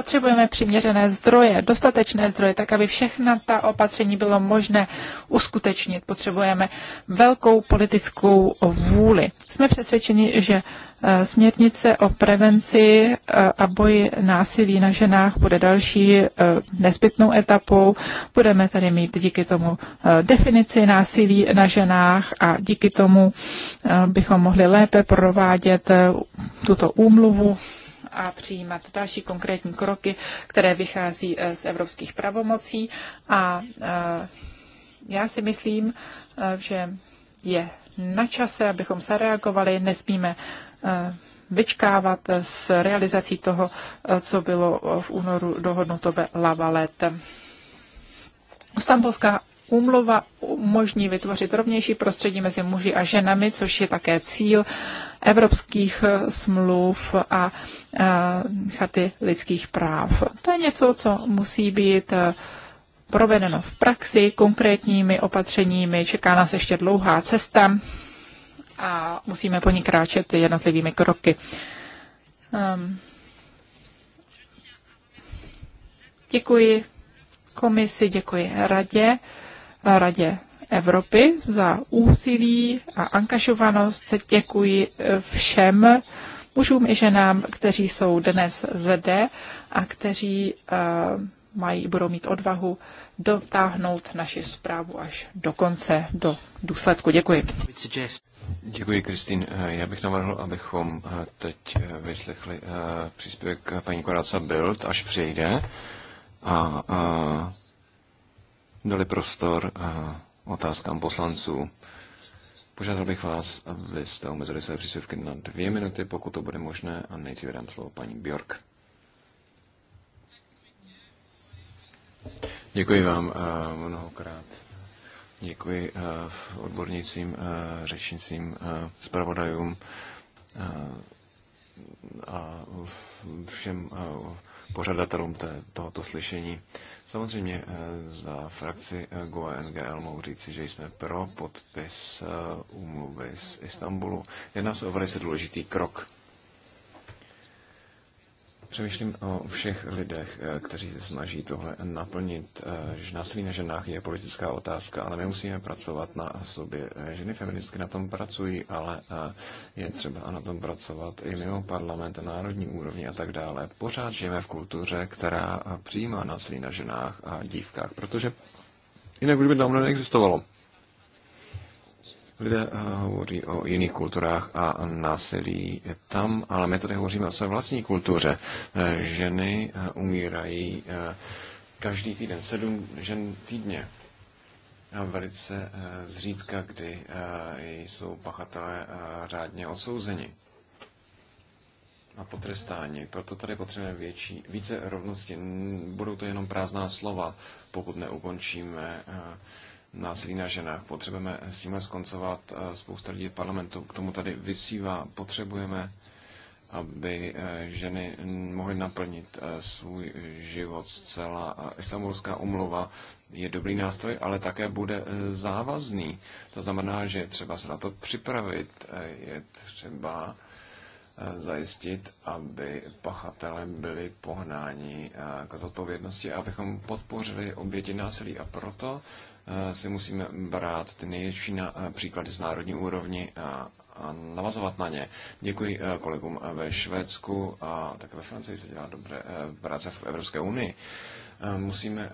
Potřebujeme přiměřené zdroje, dostatečné zdroje, tak aby všechna ta opatření bylo možné uskutečnit. Potřebujeme velkou politickou vůli. Jsme přesvědčeni, že e, Směrnice o prevenci e, a boji násilí na ženách bude další e, nezbytnou etapou. Budeme tady mít díky tomu definici násilí na ženách a díky tomu bychom mohli lépe provádět tuto úmluvu a přijímat další konkrétní kroky, které vychází eh, z evropských pravomocí. A eh, já si myslím, eh, že je na čase, abychom se reagovali. nesmíme vyčkávat s realizací toho, co bylo v únoru dohodnuto ve Lavalet. Stambulská Úmluva umožní vytvořit rovnější prostředí mezi muži a ženami, což je také cíl evropských eh, smluv a eh, chaty lidských práv. To je něco, co musí být eh, provedeno v praxi konkrétními opatřeními. Čeká nás ještě dlouhá cesta a musíme po ní kráčet jednotlivými kroky. Um, děkuji komisi, děkuji radě Radě Evropy za úsilí a angažovanost. Děkuji eh, všem mužům i ženám, kteří jsou dnes zde a kteří eh, mají, budou mít odvahu dotáhnout naši zprávu až do konce, do důsledku. Děkuji. Děkuji, Kristýn. Eh, já bych navrhl, abychom teď vyslechli příspěvek paní Koráca Bild, až přijde. A, a dali prostor eh, otázkám poslanců. Požádal bych vás, abyste omezili své příspěvky na dvě minuty, pokud to bude možné, a nejdříve dám slovo paní Bjork. Děkuji vám eh, mnohokrát. Děkuji eh, odbornicím, řečnicím, zpravodajům a všem pořadatelům té, tohoto slyšení. Samozřejmě eh, za frakci eh, GoNGL e NGL mohu říci, že jsme pro podpis eh, úmluvy z Istanbulu. Jedná se o velice důležitý krok Přemýšlím o všech lidech, eh, kteří se snaží tohle naplnit. Eh, že násilí na ženách je politická otázka, ale my musíme pracovat na sobě. Ženy feministky na tom pracují, ale eh, je třeba na tom pracovat i mimo parlament, národní úrovni a tak dále. Pořád žijeme v kultuře, která přijímá násilí na ženách a dívkách, protože jinak už by dávno neexistovalo. Lidé eh, hovoří o jiných kulturách a násilí tam, ale my tady hovoříme o své vlastní kultuře. Eh, ženy eh, umírají každý týden, sedm žen týdně. A velice zřídka, kdy jsou pachatelé řádně odsouzeni a potrestání. Proto tady potřebujeme větší, více rovnosti. Budou to jenom prázdná slova, pokud neukončíme uh, násilí na ženách. Potřebujeme s tím skoncovat. Eh, spousta lidí v parlamentu k tomu tady vysívá. Potřebujeme, aby eh, ženy mohly naplnit eh, svůj život zcela. Istanbulská umluva je dobrý nástroj, ale také bude závazný. To znamená, že je třeba se na to připravit. Je třeba zajistit, aby pachatele byli pohnáni k zodpovědnosti, abychom podpořili oběti násilí. A proto Eh, si musíme brát ty nejlepší na, eh, příklady z národní úrovni a, a navazovat na ně. Děkuji eh, kolegům ve Švédsku a také ve Francii se dělá dobré práce v Evropské unii. Musíme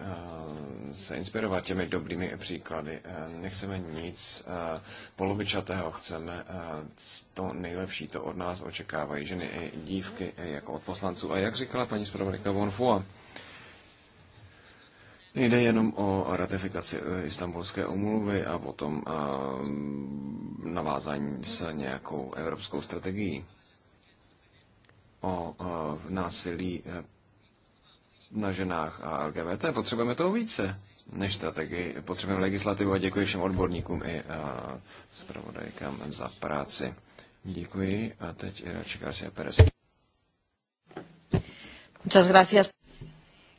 se inspirovat těmi dobrými příklady. Nechceme nic polovičatého, chceme to nejlepší, to od nás očekávají ženy i dívky jako od poslanců. A jak říkala paní zpravodajka Fua, Nejde jenom o ratifikaci eh, Istanbulské umluvy a potom eh, navázání s nějakou evropskou strategií o eh, násilí na ženách a LGBT. Potřebujeme toho více než strategii. Potřebujeme legislativu a děkuji všem odborníkům i zpravodajkám za práci. Děkuji a teď Irače Garcia Perez. Muchas gracias.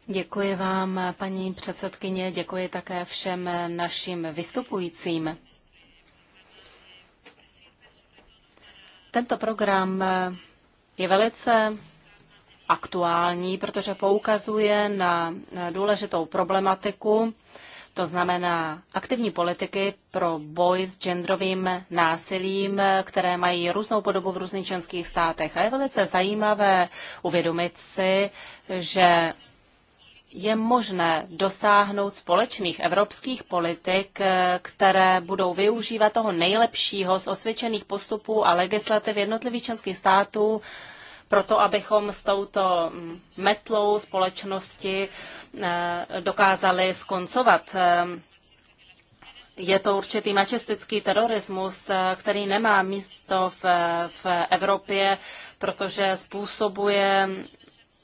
Děkuji vám, paní předsedkyně, děkuji také všem našim vystupujícím. Tento program je velice aktuální, protože poukazuje na důležitou problematiku, to znamená aktivní politiky pro boj s genderovým násilím, které mají různou podobu v různých členských státech. A je velice zajímavé uvědomit si, že je možné dosáhnout společných evropských politik, eh, které budou využívat toho nejlepšího z osvědčených postupů a legislativ jednotlivých členských států, proto abychom s touto mm, metlou společnosti eh, dokázali skoncovat. Eh, je to určitý mačistický terorismus, který nemá místo v, v Evropě, protože způsobuje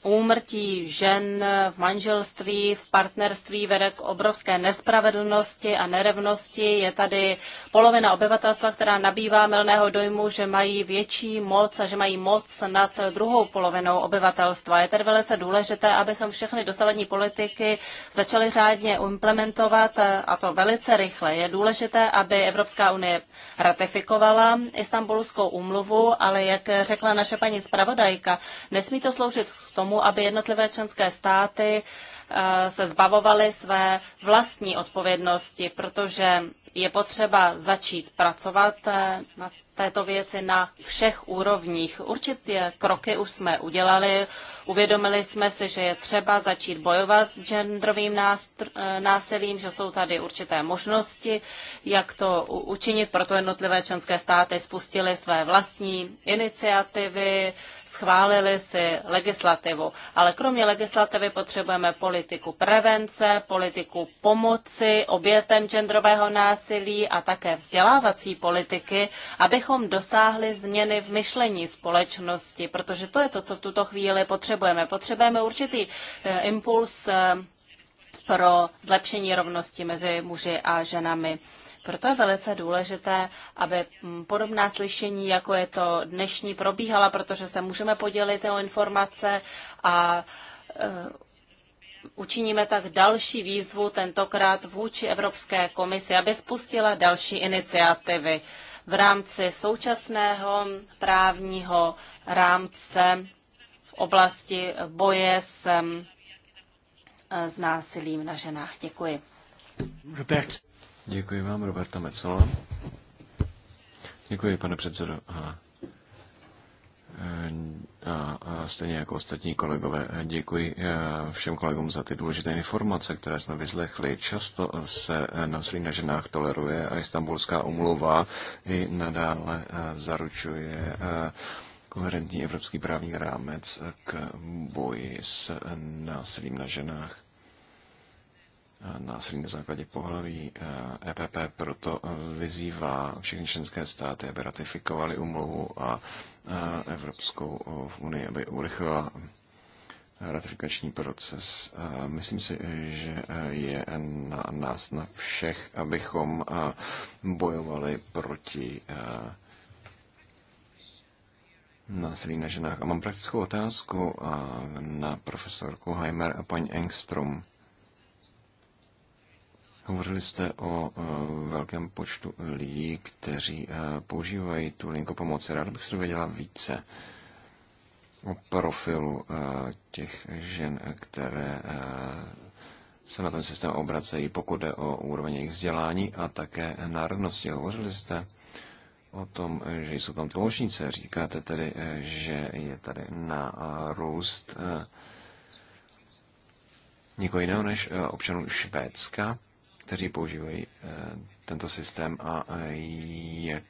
úmrtí žen v manželství, v partnerství vede k obrovské nespravedlnosti a nerovnosti. Je tady polovina obyvatelstva, která nabývá milného dojmu, že mají větší moc a že mají moc nad druhou polovinou obyvatelstva. Je tedy velice důležité, abychom všechny dosavadní politiky začali řádně implementovat a to velice rychle. Je důležité, aby Evropská unie ratifikovala Istanbulskou úmluvu, ale jak řekla naše paní zpravodajka, nesmí to sloužit k tomu, tomu, aby jednotlivé členské státy eh, se zbavovaly své vlastní odpovědnosti, protože je potřeba začít pracovat eh, na této věci na všech úrovních. Určitě kroky už jsme udělali, uvědomili jsme si, že je třeba začít bojovat s genderovým eh, násilím, že jsou tady určité možnosti, jak to učinit, proto jednotlivé členské státy spustily své vlastní iniciativy, schválili si legislativu. Ale kromě legislativy potřebujeme politiku prevence, politiku pomoci obětem genderového násilí a také vzdělávací politiky, abychom dosáhli změny v myšlení společnosti, protože to je to, co v tuto chvíli potřebujeme. Potřebujeme určitý eh, impuls eh, pro zlepšení rovnosti mezi muži a ženami. Proto je velice důležité, aby podobná slyšení, jako je to dnešní, probíhala, protože se můžeme podělit o informace a e, Učiníme tak další výzvu, tentokrát vůči Evropské komisi, aby spustila další iniciativy v rámci současného právního rámce v oblasti boje s, e, s násilím na ženách. Děkuji. Robert. Děkuji vám, Roberta Mecola. Děkuji, pane předsedo. A, e, a, a stejně jako ostatní kolegové, e, děkuji e, všem kolegům za ty důležité informace, které jsme vyzlechli. Často se násilí na ženách toleruje a Istanbulská umluva i nadále zaručuje koherentní evropský právní rámec k boji s násilím na ženách násilí na základě pohlaví. EPP eh, e proto eh, vyzývá všechny členské státy, aby ratifikovali umluvu a eh, Evropskou unii, aby urychlila ratifikační proces. Myslím si, že je na nás, na všech, abychom bojovali proti násilí na ženách. A mám praktickou otázku na profesorku Heimer a paní Engstrom Hovořili jste o e, velkém počtu lidí, kteří e, používají tu linku pomoci. Rád bych se dověděla více o profilu e, těch žen, které se na ten systém obracejí, pokud jde o úroveň jejich vzdělání a také národnosti. Hovořili jste o tom, že jsou tam tloušnice. Říkáte tedy, že je tady na růst někoho jiného než občanů Švédska kteří používají eh, tento systém a eh, jak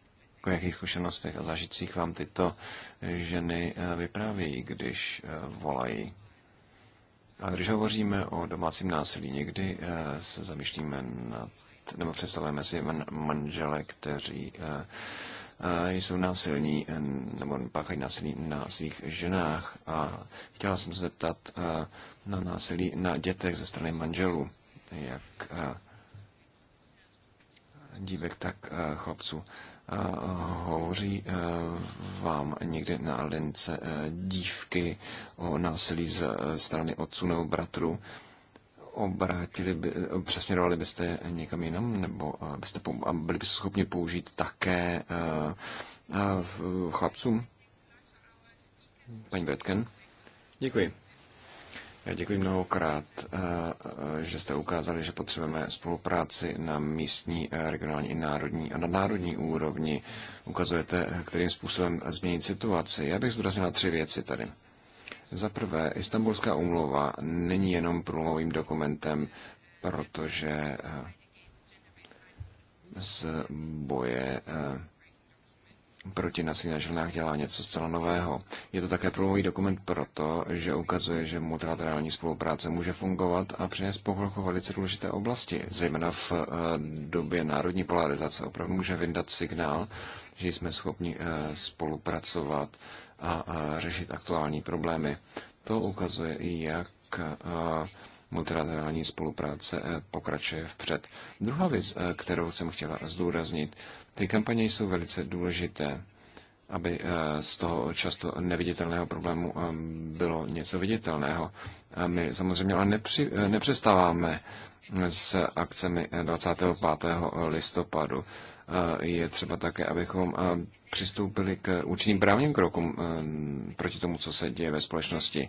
o jakých zkušenostech a zažitcích vám tyto ženy eh, vyprávějí, když volají. A když hovoříme o domácím násilí, někdy se zamýšlíme nad, nebo představujeme si man, manžele, kteří jsou násilní nebo páchají násilí na svých ženách. A chtěla jsem se zeptat na násilí na dětech ze strany manželů, jak dívek, tak eh, chlapců. Eh, hovoří eh, vám někde na lince dívky o násilí z strany otců nebo bratru? Obrátili by, přesměrovali byste je někam jinam, nebo byste, byli byste schopni použít také chlapcům? Paní Bretken? Děkuji. Já děkuji mnohokrát, eh, eh, že jste ukázali, že potřebujeme spolupráci na místní, eh, regionální i národní a na národní úrovni. Ukazujete, kterým způsobem změnit situaci. Já bych zdůraznil tři věci tady. Za prvé, Istanbulská úmluva není jenom průlomovým dokumentem, protože z boje proti nasilí na ženách dělá něco zcela nového. Je to také průmový dokument proto, že ukazuje, že multilaterální spolupráce může fungovat a přinést pokrok velice důležité oblasti. Zejména v eh, době národní polarizace opravdu může vyndat signál, že jsme schopni eh, spolupracovat a eh, řešit aktuální problémy. To ukazuje i, jak multilaterální spolupráce eh, pokračuje vpřed. Druhá věc, eh, kterou jsem chtěla zdůraznit, ty kampaně jsou velice důležité, aby eh, z toho často neviditelného problému bylo něco viditelného. my samozřejmě ale nepři, nepřestáváme s akcemi 25. listopadu je třeba také, abychom přistoupili k určitým právním krokům proti tomu, co se děje ve společnosti.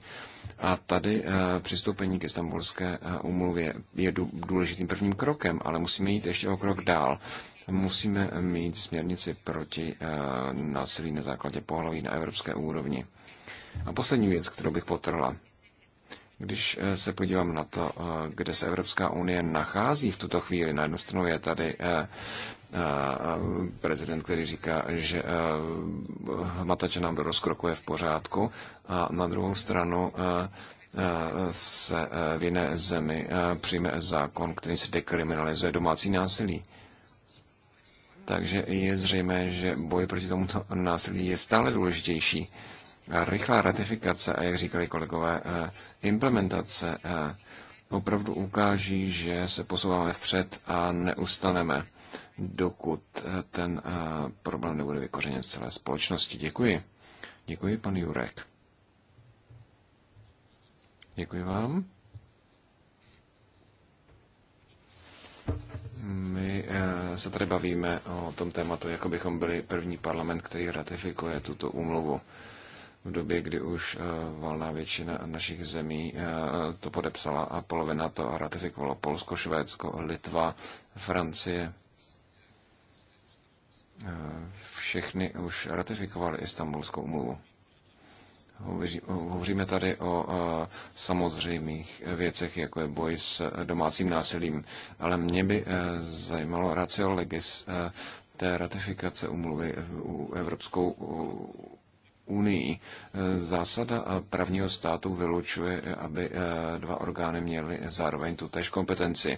A tady přistoupení k Istanbulské umluvě je důležitým prvním krokem, ale musíme jít ještě o krok dál. Musíme mít směrnici proti násilí na základě pohlaví na evropské úrovni. A poslední věc, kterou bych potrhla. Když e, se podívám na to, e, kde se Evropská unie nachází v tuto chvíli, na jednu stranu je tady e, prezident, který říká, že hmatače nám do rozkroku je v pořádku a na druhou stranu se v jiné zemi přijme zákon, který se dekriminalizuje domácí násilí. Takže je zřejmé, že boj proti tomuto násilí je stále důležitější. Rychlá ratifikace a, jak říkali kolegové, implementace opravdu ukáží, že se posouváme vpřed a neustaneme dokud eh, ten eh, problém nebude vykořeněn v celé společnosti. Děkuji. Děkuji, pan Jurek. Děkuji vám. My eh, se tady bavíme o tom tématu, jako bychom byli první parlament, který ratifikuje tuto úmluvu v době, kdy už valná většina našich zemí to podepsala a polovina to ratifikovala Polsko, Švédsko, Litva, Francie, všechny už ratifikovaly Istanbulskou umluvu. Hovoříme tady o eh, samozřejmých věcech, jako je boj s domácím násilím, ale mě by eh, zajímalo ratio legis eh, té ratifikace umluvy u Evropskou unii. Zásada právního státu vylučuje, aby dva orgány měly zároveň tu tež kompetenci.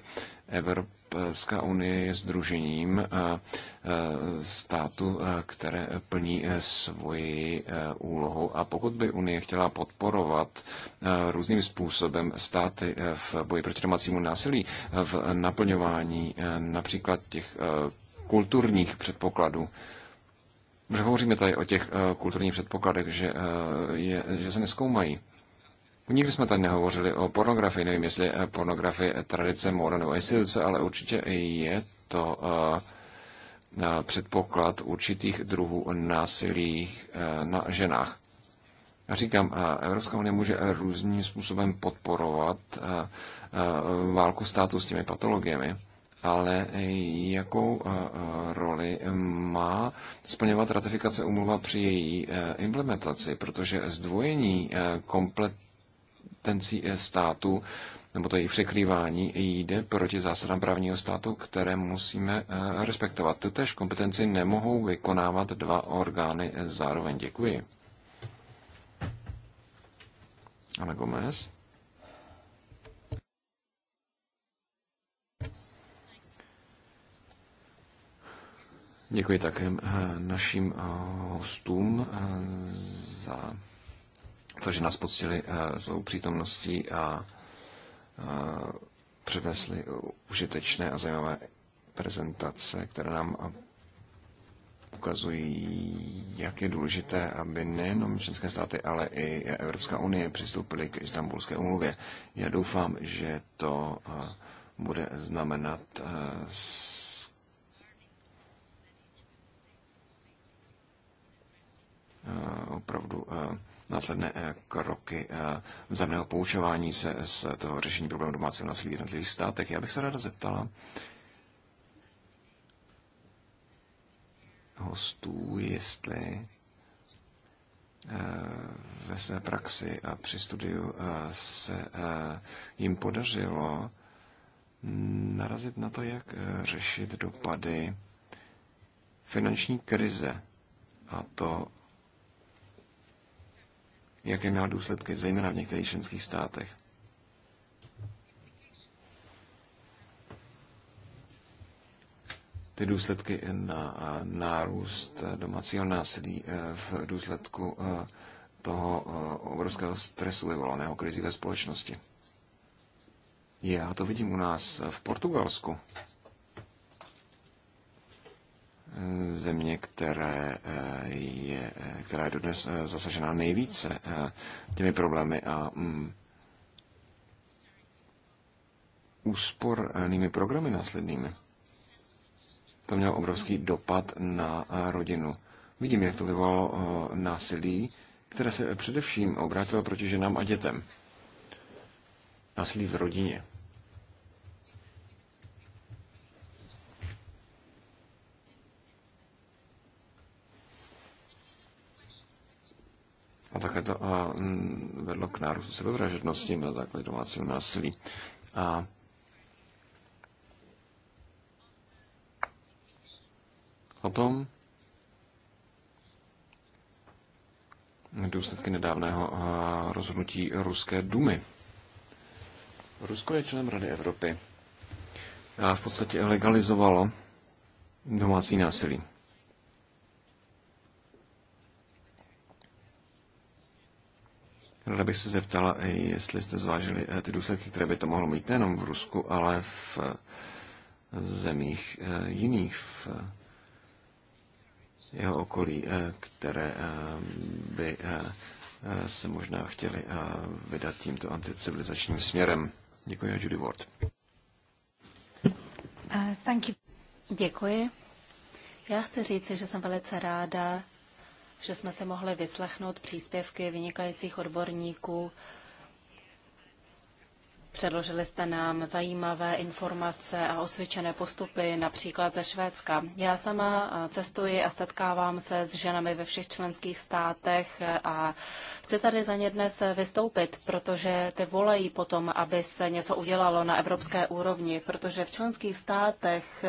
Evrop, Evropská unie je združením eh, eh, státu, eh, které plní svoji úlohu. A pokud by Unie chtěla podporovat různým způsobem státy v boji proti domácímu násilí, v naplňování například těch kulturních předpokladů, Protože hovoříme tady o těch kulturních předpokladech, že, je, že se neskoumají. Nikdy jsme tady nehovořili o pornografii, nevím, jestli pornografie tradice, moda nebo instituce, ale určitě je to eh, eh, předpoklad určitých druhů násilí eh, na ženách. Říkám, Evropská unie může různým způsobem podporovat válku státu s těmi patologiemi, ale jakou roli má splňovat ratifikace umluva při její implementaci, protože zdvojení komplet kompetencí eh, státu nebo to jejich překrývání jde proti zásadám právního státu, které musíme eh, respektovat. Tež kompetenci nemohou vykonávat dva orgány eh, zároveň. Děkuji. Ana Gomez. Děkuji také našim hostům za to, že nás poctili eh, svou přítomností a přednesli užitečné a zajímavé prezentace, které nám ukazují, jak je důležité, aby nejenom členské státy, ale i Evropská unie přistoupily k Istanbulské umluvě. Já doufám, že to eh, bude znamenat eh, opravdu následné eh, kroky eh, zemného poučování se z toho řešení problémů domácího násilí v jednotlivých státech. Já bych se ráda zeptala hostů, jestli eh, ve své praxi a při studiu se jim podařilo narazit na to, jak řešit dopady finanční krize a to jaké měla důsledky, zejména v některých členských státech. Ty důsledky na nárůst domácího násilí e, v důsledku e, toho e, obrovského stresu vyvolaného krizi ve společnosti. Já to vidím u nás v Portugalsku země, které eh, je, eh, která je dodnes eh, zasažená nejvíce těmi problémy a mm, úspornými programy následnými. To mělo obrovský dopad na rodinu. Vidím, jak to vyvolalo násilí, které se především obrátilo proti ženám a dětem. Násilí v rodině. A také to a, vedlo k nárůstu sebevražednosti na základě domácího násilí. A potom důsledky nedávného rozhodnutí Ruské dumy. Rusko je členem Rady Evropy a v podstatě legalizovalo domácí násilí. Ráda bych se zeptala, jestli jste zvážili eh, ty důsledky, které by to mohlo mít nejenom v Rusku, ale v eh, zemích eh, jiných v jeho okolí, které by se možná chtěli vydat tímto anticivilizačním směrem. Děkuji, Judy Ward. Thank you. Děkuji. Já chci říct, že jsem velice ráda, že jsme se mohli vyslechnout příspěvky vynikajících odborníků. Předložili jste nám zajímavé informace a osvědčené postupy, například ze Švédska. Já sama cestuji a setkávám se s ženami ve všech členských státech a chci tady za ně dnes vystoupit, protože ty volají potom, aby se něco udělalo na evropské úrovni, protože v členských státech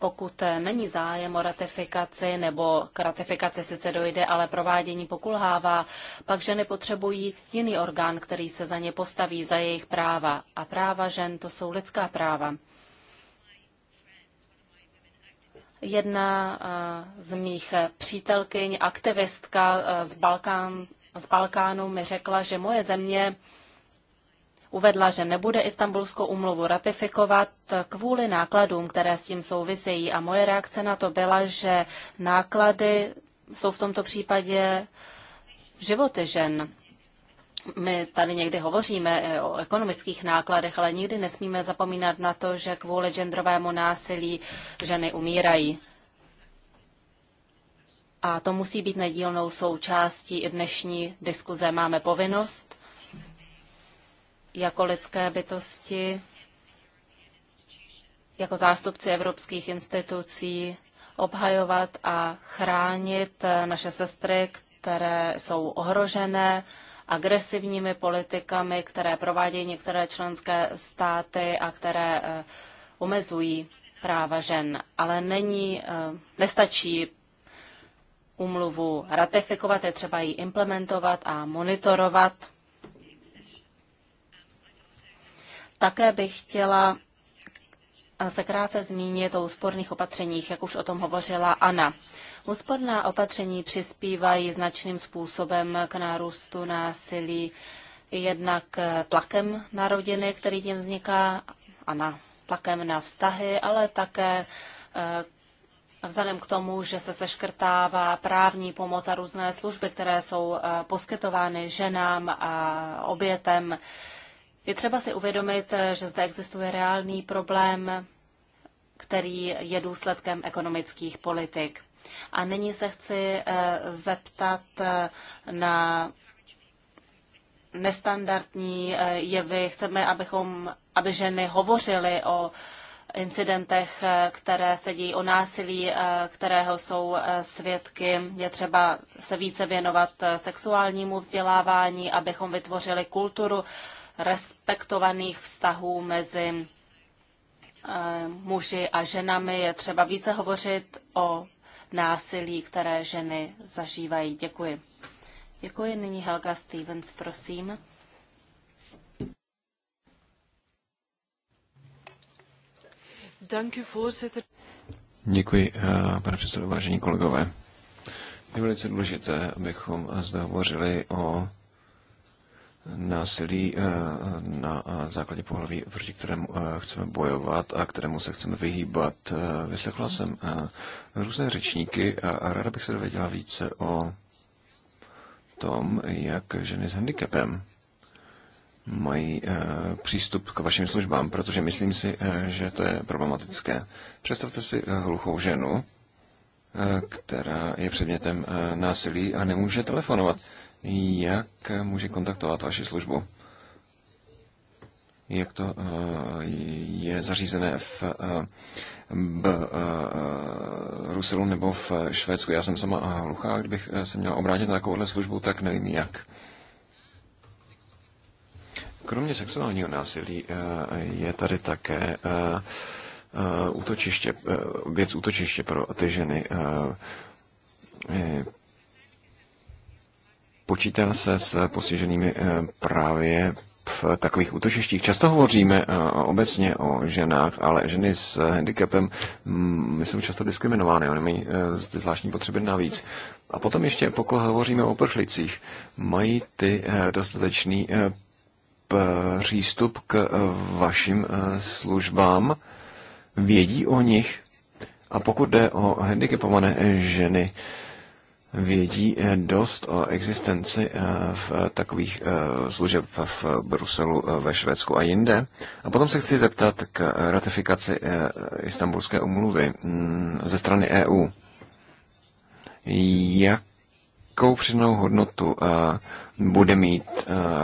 pokud není zájem o ratifikaci nebo k ratifikaci sice dojde, ale provádění pokulhává, pak ženy potřebují jiný orgán, který se za ně postaví, za jejich práva. A práva žen to jsou lidská práva. Jedna z mých přítelkyň, aktivistka z, Balkán, z Balkánu mi řekla, že moje země uvedla, že nebude Istanbulskou umluvu ratifikovat kvůli nákladům, které s tím souvisejí. A moje reakce na to byla, že náklady jsou v tomto případě životy žen. My tady někdy hovoříme o ekonomických nákladech, ale nikdy nesmíme zapomínat na to, že kvůli genderovému násilí ženy umírají. A to musí být nedílnou součástí i dnešní diskuze. Máme povinnost jako lidské bytosti, jako zástupci evropských institucí obhajovat a chránit naše sestry, které jsou ohrožené agresivními politikami, které provádějí některé členské státy a které eh, omezují práva žen. Ale není, eh, nestačí umluvu ratifikovat, je třeba ji implementovat a monitorovat Také bych chtěla se krátce zmínit o úsporných opatřeních, jak už o tom hovořila Anna. Úsporná opatření přispívají značným způsobem k nárůstu násilí jednak tlakem na rodiny, který tím vzniká, a na tlakem na vztahy, ale také eh, vzhledem k tomu, že se seškrtává právní pomoc a různé služby, které jsou eh, poskytovány ženám a obětem je třeba si uvědomit, že zde existuje reálný problém, který je důsledkem ekonomických politik. A nyní se chci eh, zeptat eh, na nestandardní eh, jevy. Chceme, abychom, aby ženy hovořily o incidentech, které se dějí, o násilí, kterého jsou svědky. Je třeba se více věnovat sexuálnímu vzdělávání, abychom vytvořili kulturu respektovaných vztahů mezi eh, muži a ženami. Je třeba více hovořit o násilí, které ženy zažívají. Děkuji. Děkuji. Nyní Helga Stevens, prosím. Děkuji, eh, pane předsedo, vážení kolegové. Je velice důležité, abychom zde hovořili o násilí eh, na základě pohlaví, proti kterému eh, chceme bojovat a kterému se chceme vyhýbat. Eh, vyslechla jsem různé řečníky a ráda bych se dověděla více o tom, jak ženy s handicapem mají přístup k vašim službám, protože myslím si, že to je problematické. Představte si hluchou ženu, která je předmětem násilí a nemůže telefonovat jak může kontaktovat vaši službu? Jak to eh, je zařízené v eh, b, eh, Ruselu nebo v Švédsku? Já jsem sama hluchá, kdybych se měla obrátit na takovouhle službu, tak nevím jak. Kromě sexuálního násilí je tady také útočiště, věc útočiště pro ty ženy počítá se s postiženými eh, právě v takových útočištích. Často hovoříme eh, obecně o ženách, ale ženy s eh, handicapem mm, my jsou často diskriminovány, oni mají ty zvláštní potřeby navíc. A potom ještě, pokud hovoříme o prchlicích, mají ty dostatečný přístup k vašim službám, vědí o nich. A pokud jde o handicapované ženy, vědí eh, dost o existenci eh, v eh, takových služeb v Bruselu, ve Švédsku a jinde. A potom se chci zeptat k ratifikaci Istanbulské umluvy mm, ze strany EU. Jakou přidanou hodnotu bude mít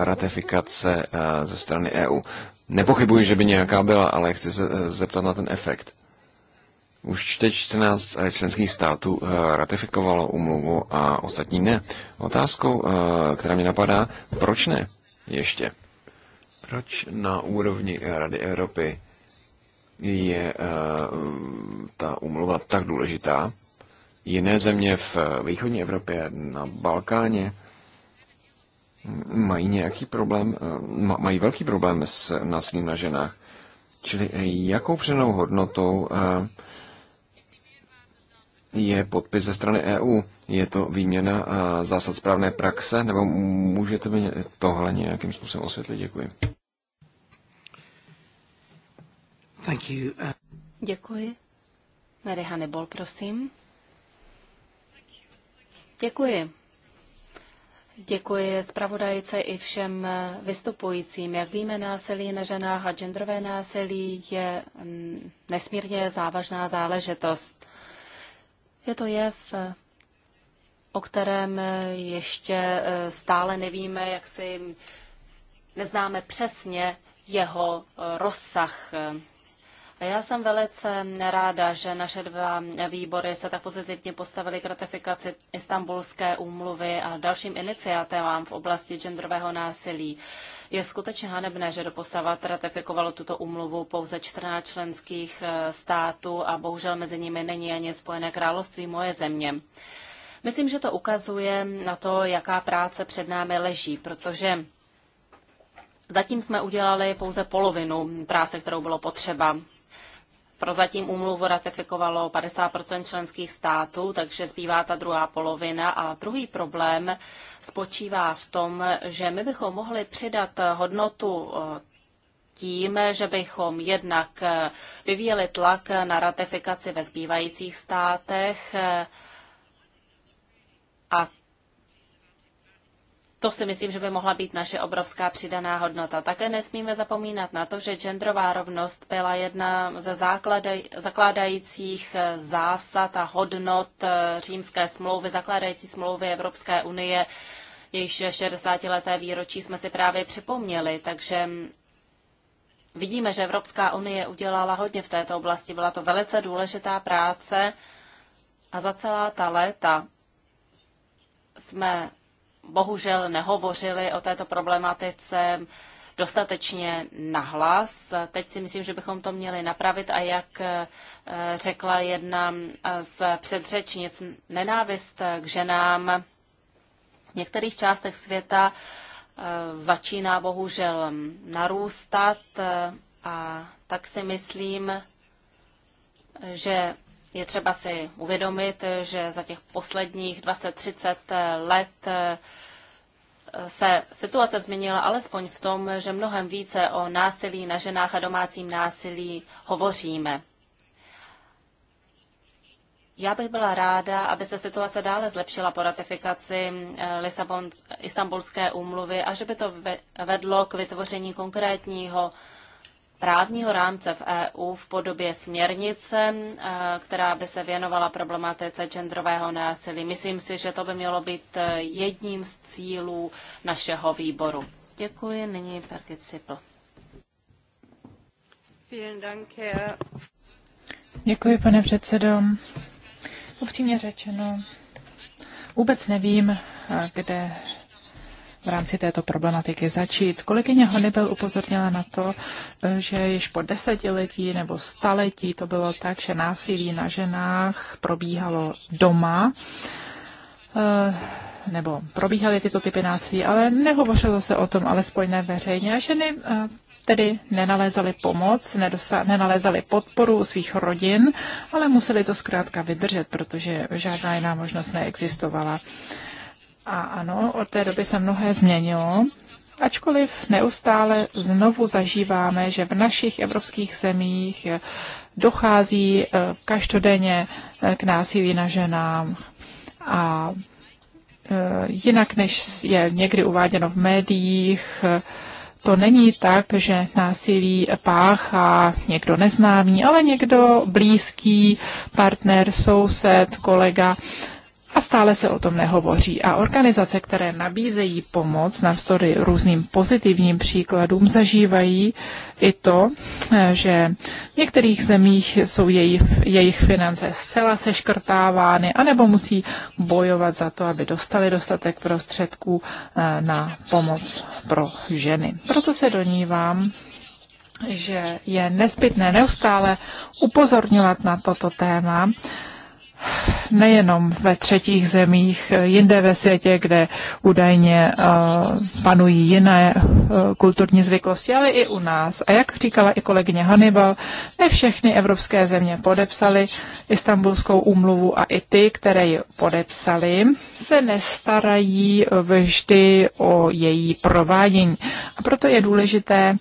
ratifikace ze strany EU? Nepochybuji, že by nějaká byla, ale chci se zeptat na ten efekt. Už teď 14 eh, členských států eh, ratifikovalo umluvu a ostatní ne. Otázkou, eh, která mě napadá, proč ne ještě? Proč na úrovni Rady Evropy je ta umluva tak důležitá? Jiné země v východní Evropě, na Balkáně, mají nějaký problém, mají velký problém s násilím na ženách. Čili jakou přenou hodnotou je podpis ze strany EU. Je to výměna eh, zásad správné praxe, nebo můžete mi tohle nějakým způsobem osvětlit? Děkuji. Thank you. Uh, Děkuji. Mary Hannibal, prosím. Děkuji. Děkuji zpravodajce i všem eh, vystupujícím. Jak víme, násilí na ženách a genderové násilí je mm, nesmírně závažná záležitost. Je to jev, o kterém ještě eh, stále nevíme, jak si neznáme přesně jeho eh, rozsah. Eh, já jsem velice ráda, že naše dva výbory se tak pozitivně postavily k ratifikaci Istanbulské úmluvy a dalším iniciativám v oblasti genderového násilí. Je skutečně hanebné, že doposavat ratifikovalo tuto úmluvu pouze 14 členských eh, států a bohužel mezi nimi není ani Spojené království moje země. Myslím, že to ukazuje na to, jaká práce před námi leží, protože zatím jsme udělali pouze polovinu práce, kterou bylo potřeba. Prozatím umluvu ratifikovalo 50 členských států, takže zbývá ta druhá polovina. A druhý problém spočívá v tom, že my bychom mohli přidat hodnotu eh, tím, že bychom jednak eh, vyvíjeli tlak na ratifikaci ve zbývajících státech eh, a to si myslím, že by mohla být naše obrovská přidaná hodnota. Také nesmíme zapomínat na to, že genderová rovnost byla jedna ze základaj, zakládajících eh, zásad a hodnot eh, římské smlouvy, zakládající smlouvy Evropské unie. Jejíž 60-leté výročí jsme si právě připomněli, takže mm, vidíme, že Evropská unie udělala hodně v této oblasti. Byla to velice důležitá práce a za celá ta léta jsme bohužel nehovořili o této problematice dostatečně nahlas. Teď si myslím, že bychom to měli napravit a jak eh, řekla jedna z předřečnic, nenávist k ženám v některých částech světa eh, začíná bohužel narůstat eh, a tak si myslím, že je třeba si uvědomit, že za těch posledních 20-30 let eh, se situace změnila alespoň v tom, že mnohem více o násilí na ženách a domácím násilí hovoříme. Já bych byla ráda, aby se situace dále zlepšila po ratifikaci eh, Lisabon, Istanbulské úmluvy a že by to vedlo k vytvoření konkrétního právního rámce v EU v podobě směrnice, eh, která by se věnovala problematice genderového násilí. Myslím si, že to by mělo být eh, jedním z cílů našeho výboru. Děkuji. Nyní Birgit Sipl. Děkuji, pane předsedo. Upřímně řečeno, vůbec nevím, eh, kde v rámci této problematiky začít. Kolegyně Honibel upozornila na to, eh, že již po desetiletí nebo staletí to bylo tak, že násilí na ženách probíhalo doma eh, nebo probíhaly tyto typy násilí, ale nehovořilo se o tom, alespoň ne veřejně. A ženy eh, tedy nenalézali pomoc, nenalézaly nenalézali podporu u svých rodin, ale museli to zkrátka vydržet, protože žádná jiná možnost neexistovala. A ano, od té doby se mnohé změnilo, ačkoliv neustále znovu zažíváme, že v našich evropských zemích dochází eh, každodenně eh, k násilí na ženám a eh, jinak, než je někdy uváděno v médiích, to není tak, že násilí páchá někdo neznámý, ale někdo blízký, partner, soused, kolega a stále se o tom nehovoří. A organizace, které nabízejí pomoc navzdory různým pozitivním příkladům, zažívají i to, eh, že v některých zemích jsou jejich, jejich finance zcela seškrtávány, anebo musí bojovat za to, aby dostali dostatek prostředků eh, na pomoc pro ženy. Proto se donívám, že je nezbytné neustále upozorňovat na toto téma, nejenom ve třetích zemích, jinde ve světě, kde údajně eh, panují jiné eh, kulturní zvyklosti, ale i u nás. A jak říkala i kolegyně Hannibal, ne všechny evropské země podepsaly Istanbulskou úmluvu a i ty, které ji podepsaly, se nestarají eh, vždy o její provádění. A proto je důležité,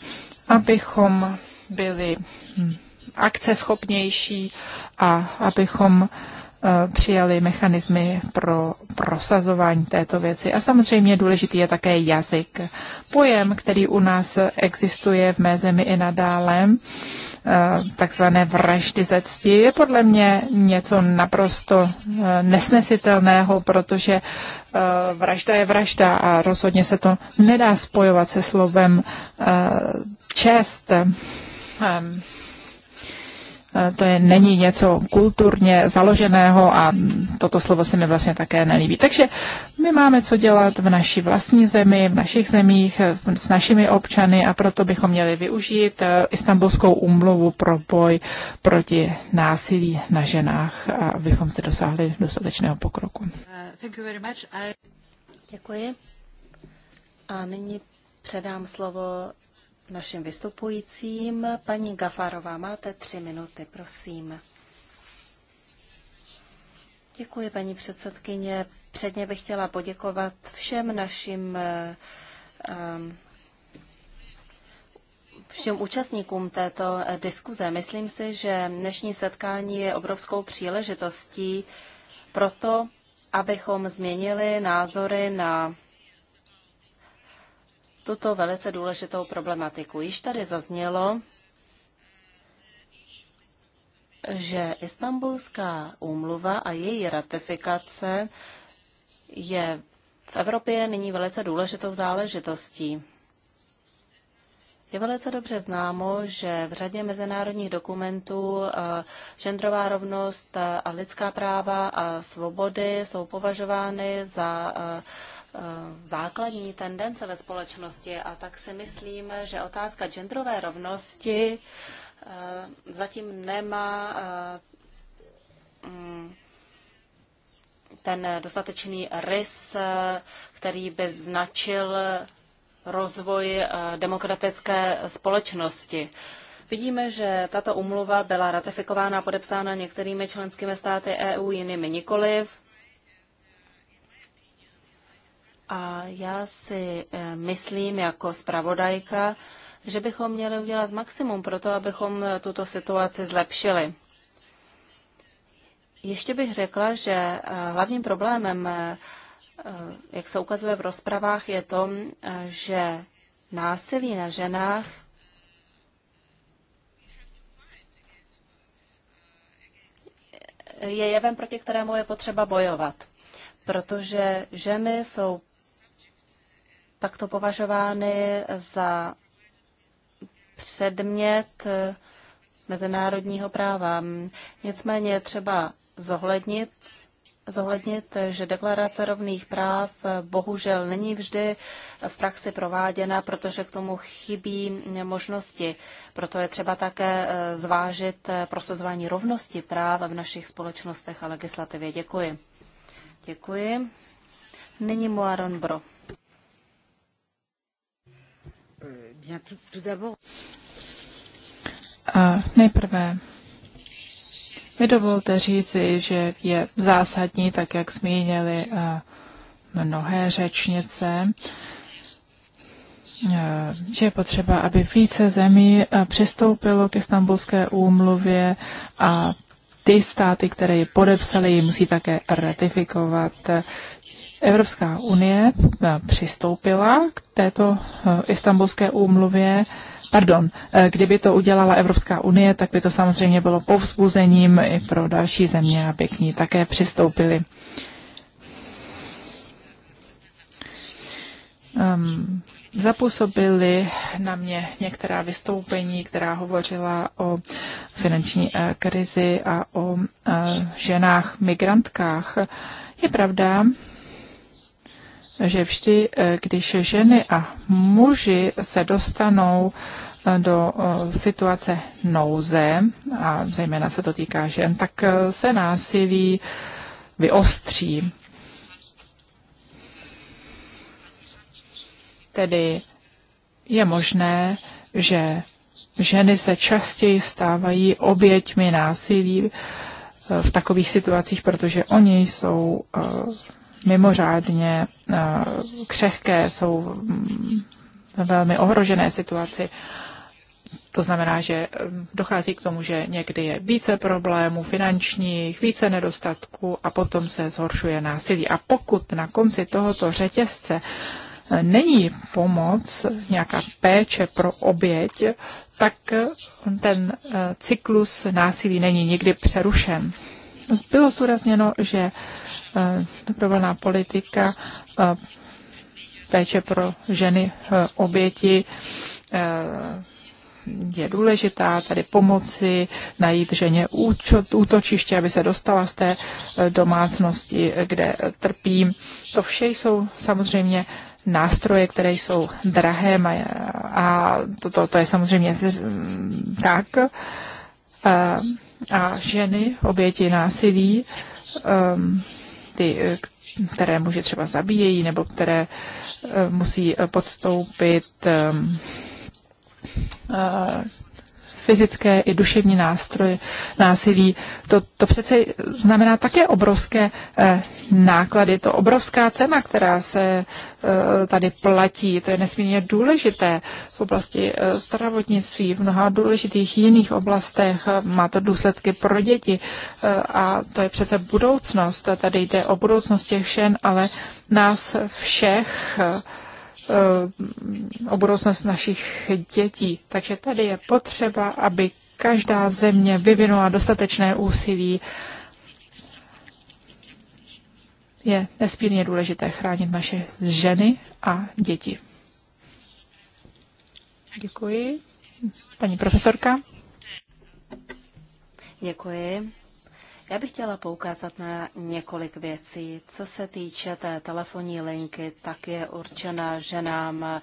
abychom byli hm, akceschopnější a abychom uh, Eh, přijali mechanismy pro prosazování této věci. A samozřejmě důležitý je také jazyk. Pojem, který u nás existuje v mé zemi i nadále, eh, takzvané vraždy ze cti, je podle mě něco naprosto eh, nesnesitelného, protože vražda je vražda a rozhodně se to nedá spojovat se slovem čest. Ehm, Eh, to je, není něco kulturně založeného a toto slovo se mi vlastně také nelíbí. Takže my máme co dělat v naší vlastní zemi, v našich zemích, eh, s našimi občany a proto bychom měli využít eh, istambulskou umluvu pro boj proti násilí na ženách, a abychom se dosáhli dostatečného pokroku. Děkuji. A nyní předám slovo našim vystupujícím. Paní Gafarová, máte tři minuty, prosím. Děkuji, paní předsedkyně. Předně bych chtěla poděkovat všem našim ehm, všem účastníkům této eh, diskuze. Myslím si, že dnešní setkání je obrovskou příležitostí pro to, abychom změnili názory na tuto velice důležitou problematiku. Již tady zaznělo, že Istanbulská úmluva a její ratifikace je v Evropě nyní velice důležitou záležitostí. Je velice dobře známo, že v řadě mezinárodních dokumentů genderová eh, rovnost eh, a lidská práva a svobody jsou považovány za eh, základní tendence ve společnosti a tak si myslím, že otázka genderové rovnosti zatím nemá mm, ten dostatečný rys, který by značil rozvoj eh, demokratické společnosti. Vidíme, že tato umluva byla ratifikována a podepsána některými členskými státy EU, jinými nikoliv. A já si eh, myslím jako zpravodajka, že bychom měli udělat maximum pro to, abychom eh, tuto situaci zlepšili. Ještě bych řekla, že hlavním problémem Eh, jak se ukazuje v rozpravách, je to, eh, že násilí na ženách je jevem, proti kterému je potřeba bojovat, protože ženy jsou takto považovány za předmět eh, mezinárodního práva. Hm, nicméně třeba zohlednit zohlednit, že deklarace rovných práv eh, bohužel není vždy eh, v praxi prováděna, protože k tomu chybí možnosti. Proto je třeba také eh, zvážit prosazování rovnosti práv v našich společnostech a legislativě. Děkuji. Děkuji. Nyní Moaron Bro. A nejprve mi dovolte říci, že je zásadní, tak jak zmínili eh, mnohé řečnice, eh, že je potřeba, aby více zemí eh, přistoupilo k istambulské úmluvě a ty státy, které ji podepsaly, ji musí také ratifikovat. Evropská unie přistoupila k této istambulské úmluvě Pardon, eh, kdyby to udělala Evropská unie, tak by to samozřejmě bylo povzbuzením i pro další země, aby k ní také přistoupili. Um, ehm, zapůsobily na mě některá vystoupení, která hovořila o finanční eh, krizi a o eh, ženách migrantkách. Je pravda, že vždy, když ženy a muži se dostanou do eh, situace nouze, a zejména se to týká žen, tak eh, se násilí vyostří. Tedy je možné, že ženy se častěji stávají oběťmi násilí eh, v takových situacích, protože oni jsou mimořádně křehké, jsou mm, ve velmi ohrožené situaci. To znamená, že eh, dochází k tomu, že někdy je více problémů finančních, více nedostatků a potom se zhoršuje násilí. A pokud na konci tohoto řetězce eh, není pomoc, nějaká péče pro oběť, tak eh, ten cyklus násilí není nikdy přerušen. Bylo zdůrazněno, že dobrovolná politika péče pro ženy oběti je důležitá, tady pomoci najít ženě účot, útočiště, aby se dostala z té eh, domácnosti, kde trpí. To vše jsou samozřejmě nástroje, které jsou drahé a to, to, to je samozřejmě tak. A, eh, a ženy, oběti násilí, ehm, ty, které muže třeba zabíjejí nebo které eh, musí podstoupit ehm, Eh, fyzické i duševní nástroje násilí. To, to přece znamená také obrovské eh, náklady, to obrovská cena, která se eh, tady platí. To je nesmírně důležité v oblasti zdravotnictví, v mnoha důležitých jiných oblastech. Má to důsledky pro děti a to je přece budoucnost. Tady jde o budoucnost těch všen, ale nás všech. Eh, o budoucnost našich dětí. Takže tady je potřeba, aby každá země vyvinula dostatečné úsilí. Je nesmírně důležité chránit naše ženy a děti. Děkuji. Paní profesorka. Děkuji. Já bych chtěla poukázat na několik věcí. Co se týče té telefonní linky, tak je určena ženám eh,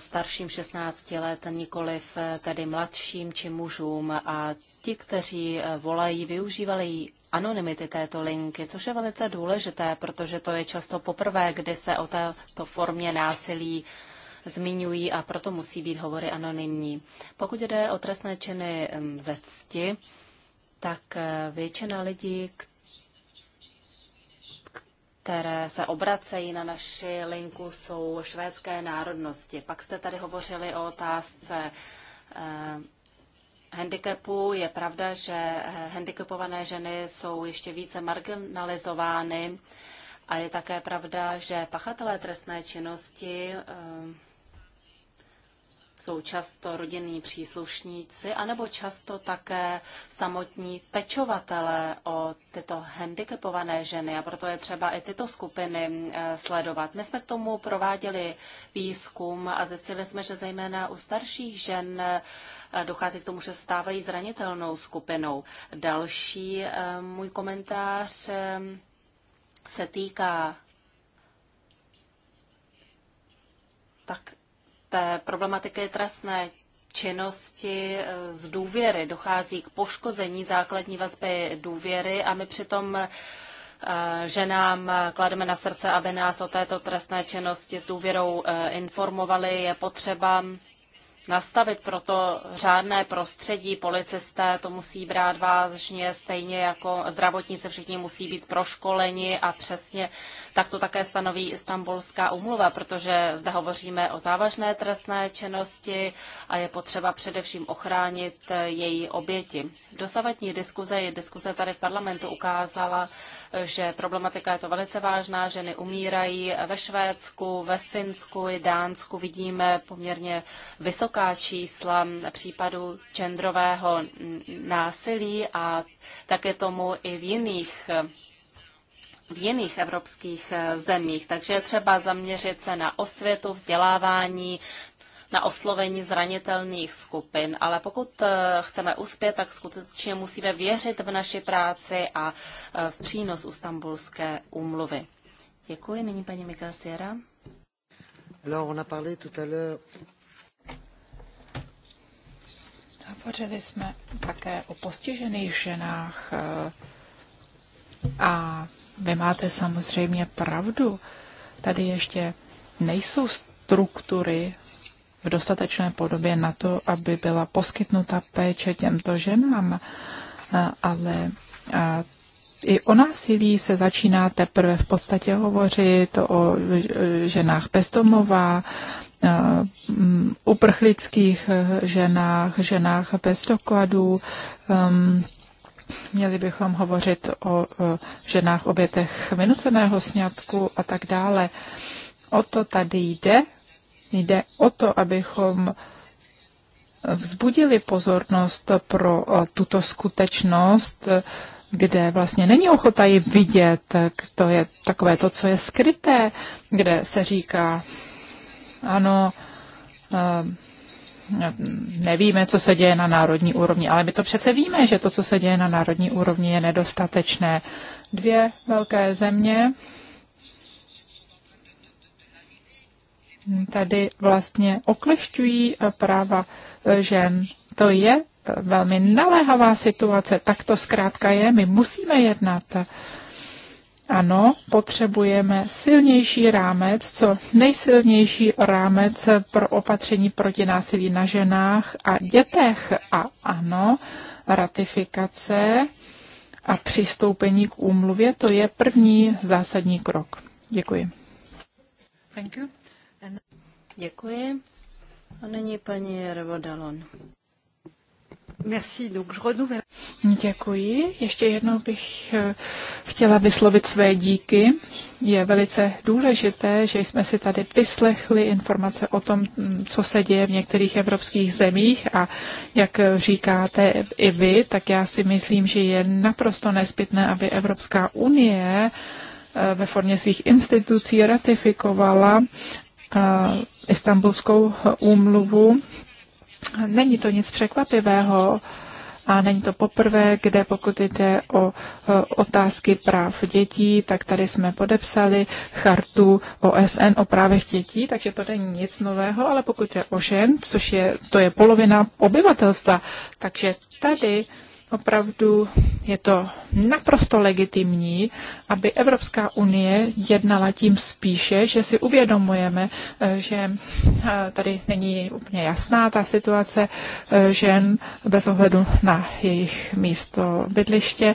starším 16 let, nikoliv eh, tedy mladším či mužům. A ti, kteří eh, volají, využívali anonymity této linky, což je velice důležité, protože to je často poprvé, kdy se o této formě násilí zmiňují a proto musí být hovory anonymní. Pokud jde o trestné činy mm, ze cti, tak eh, většina lidí, které se obracejí na naši linku, jsou švédské národnosti. Pak jste tady hovořili o otázce eh, handicapu. Je pravda, že eh, handicapované ženy jsou ještě více marginalizovány a je také pravda, že pachatelé trestné činnosti jsou často rodinní příslušníci, anebo často také samotní pečovatele o tyto handicapované ženy a proto je třeba i tyto skupiny eh, sledovat. My jsme k tomu prováděli výzkum a zjistili jsme, že zejména u starších žen eh, dochází k tomu, že stávají zranitelnou skupinou. Další eh, můj komentář se týká tak té problematiky trestné činnosti eh, z důvěry. Dochází k poškození základní vazby důvěry a my přitom eh, že nám klademe na srdce, aby nás o této trestné činnosti s důvěrou eh, informovali. Je potřeba nastavit pro to řádné prostředí. Policisté to musí brát vážně, stejně jako zdravotníci všichni musí být proškoleni a přesně tak to také stanoví Istanbulská umluva, protože zde hovoříme o závažné trestné činnosti a je potřeba především ochránit její oběti. Dosavatní diskuze je diskuze tady v parlamentu ukázala, že problematika je to velice vážná, ženy umírají ve Švédsku, ve Finsku i Dánsku vidíme poměrně vysokou vysoká čísla případů genderového násilí a také tomu i v jiných v jiných evropských eh, zemích. Takže je třeba zaměřit se na osvětu, vzdělávání, na oslovení zranitelných skupin. Ale pokud eh, chceme uspět, tak skutečně musíme věřit v naši práci a eh, v přínos Ustambulské úmluvy. Děkuji. Nyní paní Mikasiera? Alors, on a parlé tout à l'heure Hovořili jsme také o postižených ženách eh, a vy máte samozřejmě pravdu. Tady ještě nejsou struktury v dostatečné podobě na to, aby byla poskytnuta péče těmto ženám, eh, ale eh, i o násilí se začíná teprve v podstatě hovořit, o ženách bezdomová, Eh, uprchlických eh, ženách, ženách bez dokladů. Ehm, měli bychom hovořit o eh, ženách obětech vynuceného sňatku a tak dále. O to tady jde. Jde o to, abychom vzbudili pozornost pro tuto skutečnost, kde vlastně není ochota ji vidět, to je takové to, co je skryté, kde se říká, ano, eh, nevíme, co se děje na národní úrovni, ale my to přece víme, že to, co se děje na národní úrovni, je nedostatečné. Dvě velké země tady vlastně oklešťují eh, práva žen. To je eh, velmi naléhavá situace, tak to zkrátka je, my musíme jednat. Ano, potřebujeme silnější rámec, co nejsilnější rámec pro opatření proti násilí na ženách a dětech. A ano, ratifikace a přistoupení k úmluvě, to je první zásadní krok. Děkuji. Thank you. And... Děkuji. A nyní paní Dalon. Děkuji. Ještě jednou bych eh, chtěla vyslovit své díky. Je velice důležité, že jsme si tady vyslechli informace o tom, mm, co se děje v některých evropských zemích a jak říkáte i vy, tak já si myslím, že je naprosto nezbytné, aby Evropská unie eh, ve formě svých institucí ratifikovala eh, Istanbulskou úmluvu Není to nic překvapivého a není to poprvé, kde pokud jde o e, otázky práv dětí, tak tady jsme podepsali chartu OSN o právech dětí, takže to není nic nového, ale pokud je o žen, což je, to je polovina obyvatelstva, takže tady opravdu je to naprosto legitimní, aby Evropská unie jednala tím spíše, že si uvědomujeme, eh, že eh, tady není úplně jasná ta situace eh, žen bez ohledu na jejich místo bydliště.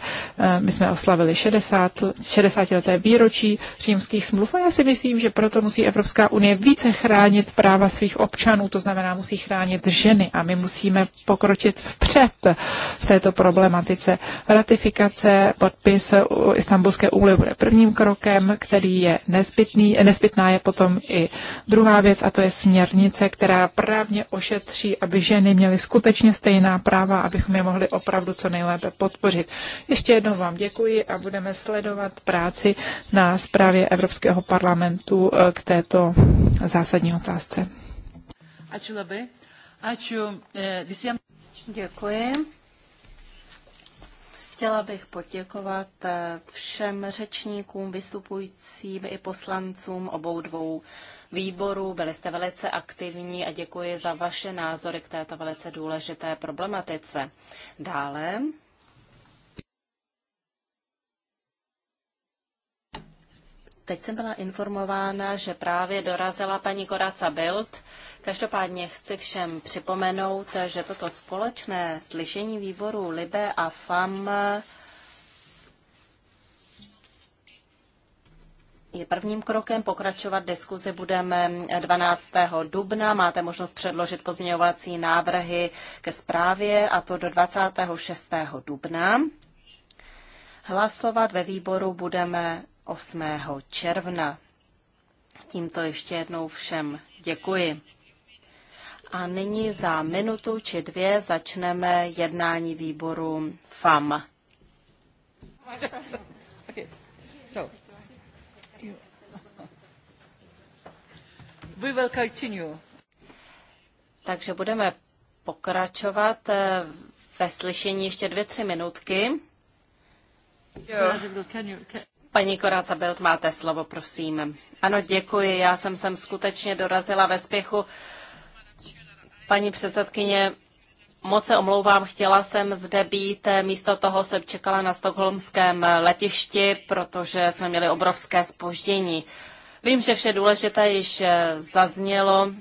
My jsme oslavili 60, 60 leté výročí římských smluv a já si myslím, že proto musí Evropská unie více chránit práva svých občanů, to znamená musí chránit ženy a my musíme pokročit vpřed v této problematice problematice. Ratifikace, podpis Istanbulské úmluvy bude prvním krokem, který je nezbytný. Nezbytná je potom i druhá věc, a to je směrnice, která právně ošetří, aby ženy měly skutečně stejná práva, abychom je mohli opravdu co nejlépe podpořit. Ještě jednou vám děkuji a budeme sledovat práci na zprávě Evropského parlamentu eh, k této zásadní otázce. Eh, děkuji. Chtěla bych poděkovat eh, všem řečníkům, vystupujícím i poslancům obou dvou výborů. Byli jste velice aktivní a děkuji za vaše názory k této velice důležité problematice. Dále Teď jsem byla informována, že právě dorazila paní Koraca Bild, Každopádně chci všem připomenout, že toto společné slyšení výboru Libe a FAM je prvním krokem. Pokračovat diskuzi budeme 12. dubna. Máte možnost předložit pozměňovací návrhy ke zprávě a to do 26. dubna. Hlasovat ve výboru budeme 8. června. Tímto ještě jednou všem děkuji. A nyní za minutu či dvě začneme jednání výboru FAM. We will continue. Takže budeme pokračovat eh, ve slyšení ještě dvě, tři minutky. Paní Koráca Belt, máte slovo, prosím. Ano, děkuji. Já jsem sem skutečně dorazila ve spěchu. Paní předsedkyně, moc se omlouvám, chtěla jsem zde být, eh, místo toho jsem čekala na stokholmském eh, letišti, protože jsme měli obrovské spoždění. Vím, že vše důležité již eh, zaznělo,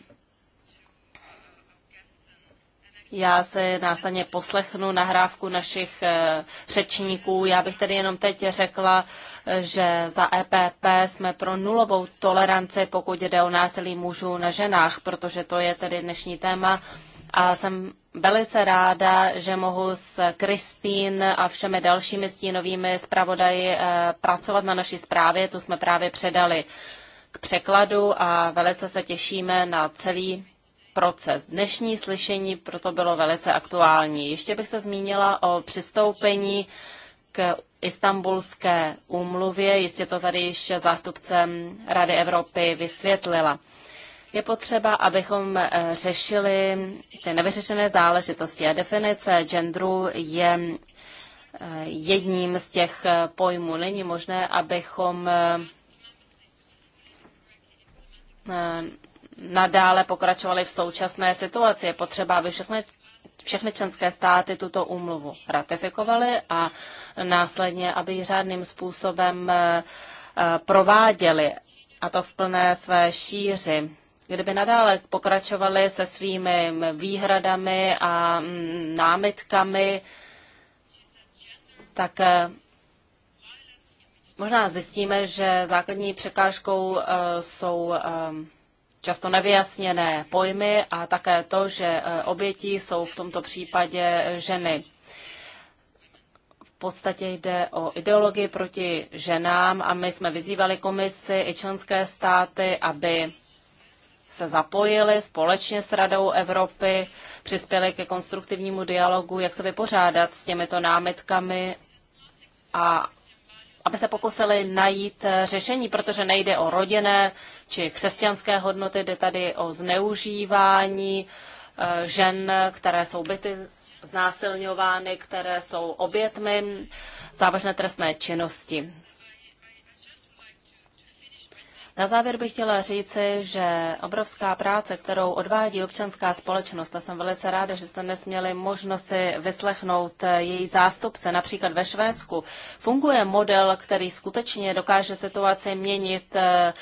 já se následně poslechnu nahrávku našich eh, řečníků. Já bych tedy jenom teď řekla, eh, že za EPP jsme pro nulovou toleranci, pokud jde o násilí mužů na ženách, protože to je tedy dnešní téma. A jsem velice ráda, že mohu s Kristýn a všemi dalšími stínovými zpravodaji eh, pracovat na naší zprávě, co jsme právě předali k překladu a velice se těšíme na celý proces. Dnešní slyšení proto bylo velice aktuální. Ještě bych se zmínila o přistoupení k istambulské úmluvě. Jistě to tady již zástupce Rady Evropy vysvětlila. Je potřeba, abychom eh, řešili ty nevyřešené záležitosti a definice genderu je eh, jedním z těch eh, pojmů. Není možné, abychom nadále pokračovali v současné situaci. Je potřeba, aby všechny všechny členské státy tuto úmluvu ratifikovaly a následně, aby ji řádným způsobem eh, prováděly, a to v plné své šíři. Kdyby nadále pokračovali se svými výhradami a mm, námitkami, tak eh, možná zjistíme, že základní překážkou eh, jsou často nevyjasněné pojmy a také to, že e, obětí jsou v tomto případě ženy. V podstatě jde o ideologii proti ženám a my jsme vyzývali komisi i členské státy, aby se zapojili společně s Radou Evropy, přispěli ke konstruktivnímu dialogu, jak se vypořádat s těmito námitkami a aby se pokusili najít eh, řešení, protože nejde o rodinné či křesťanské hodnoty, jde tady o zneužívání eh, žen, které jsou byty znásilňovány, které jsou obětmi závažné trestné činnosti. Na závěr bych chtěla říci, že obrovská práce, kterou odvádí občanská společnost, a jsem velice ráda, že jste dnes měli možnost vyslechnout její zástupce, například ve Švédsku, funguje model, který skutečně dokáže situaci měnit eh,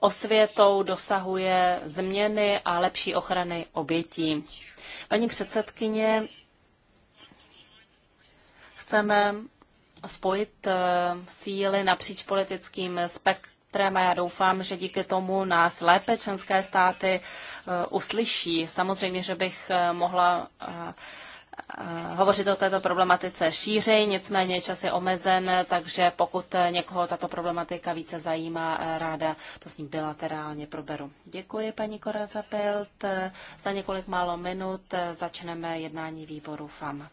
osvětou dosahuje změny a lepší ochrany obětí. Paní předsedkyně, chceme spojit eh, síly napříč politickým spek- a Já doufám, že díky tomu nás lépe členské státy eh, uslyší. Samozřejmě, že bych eh, mohla eh, hovořit o této problematice šířej, nicméně čas je omezen, takže pokud někoho tato problematika více zajímá, ráda to s ním bilaterálně proberu. Děkuji paní Korazapelt. Za několik málo minut začneme jednání výboru FAM.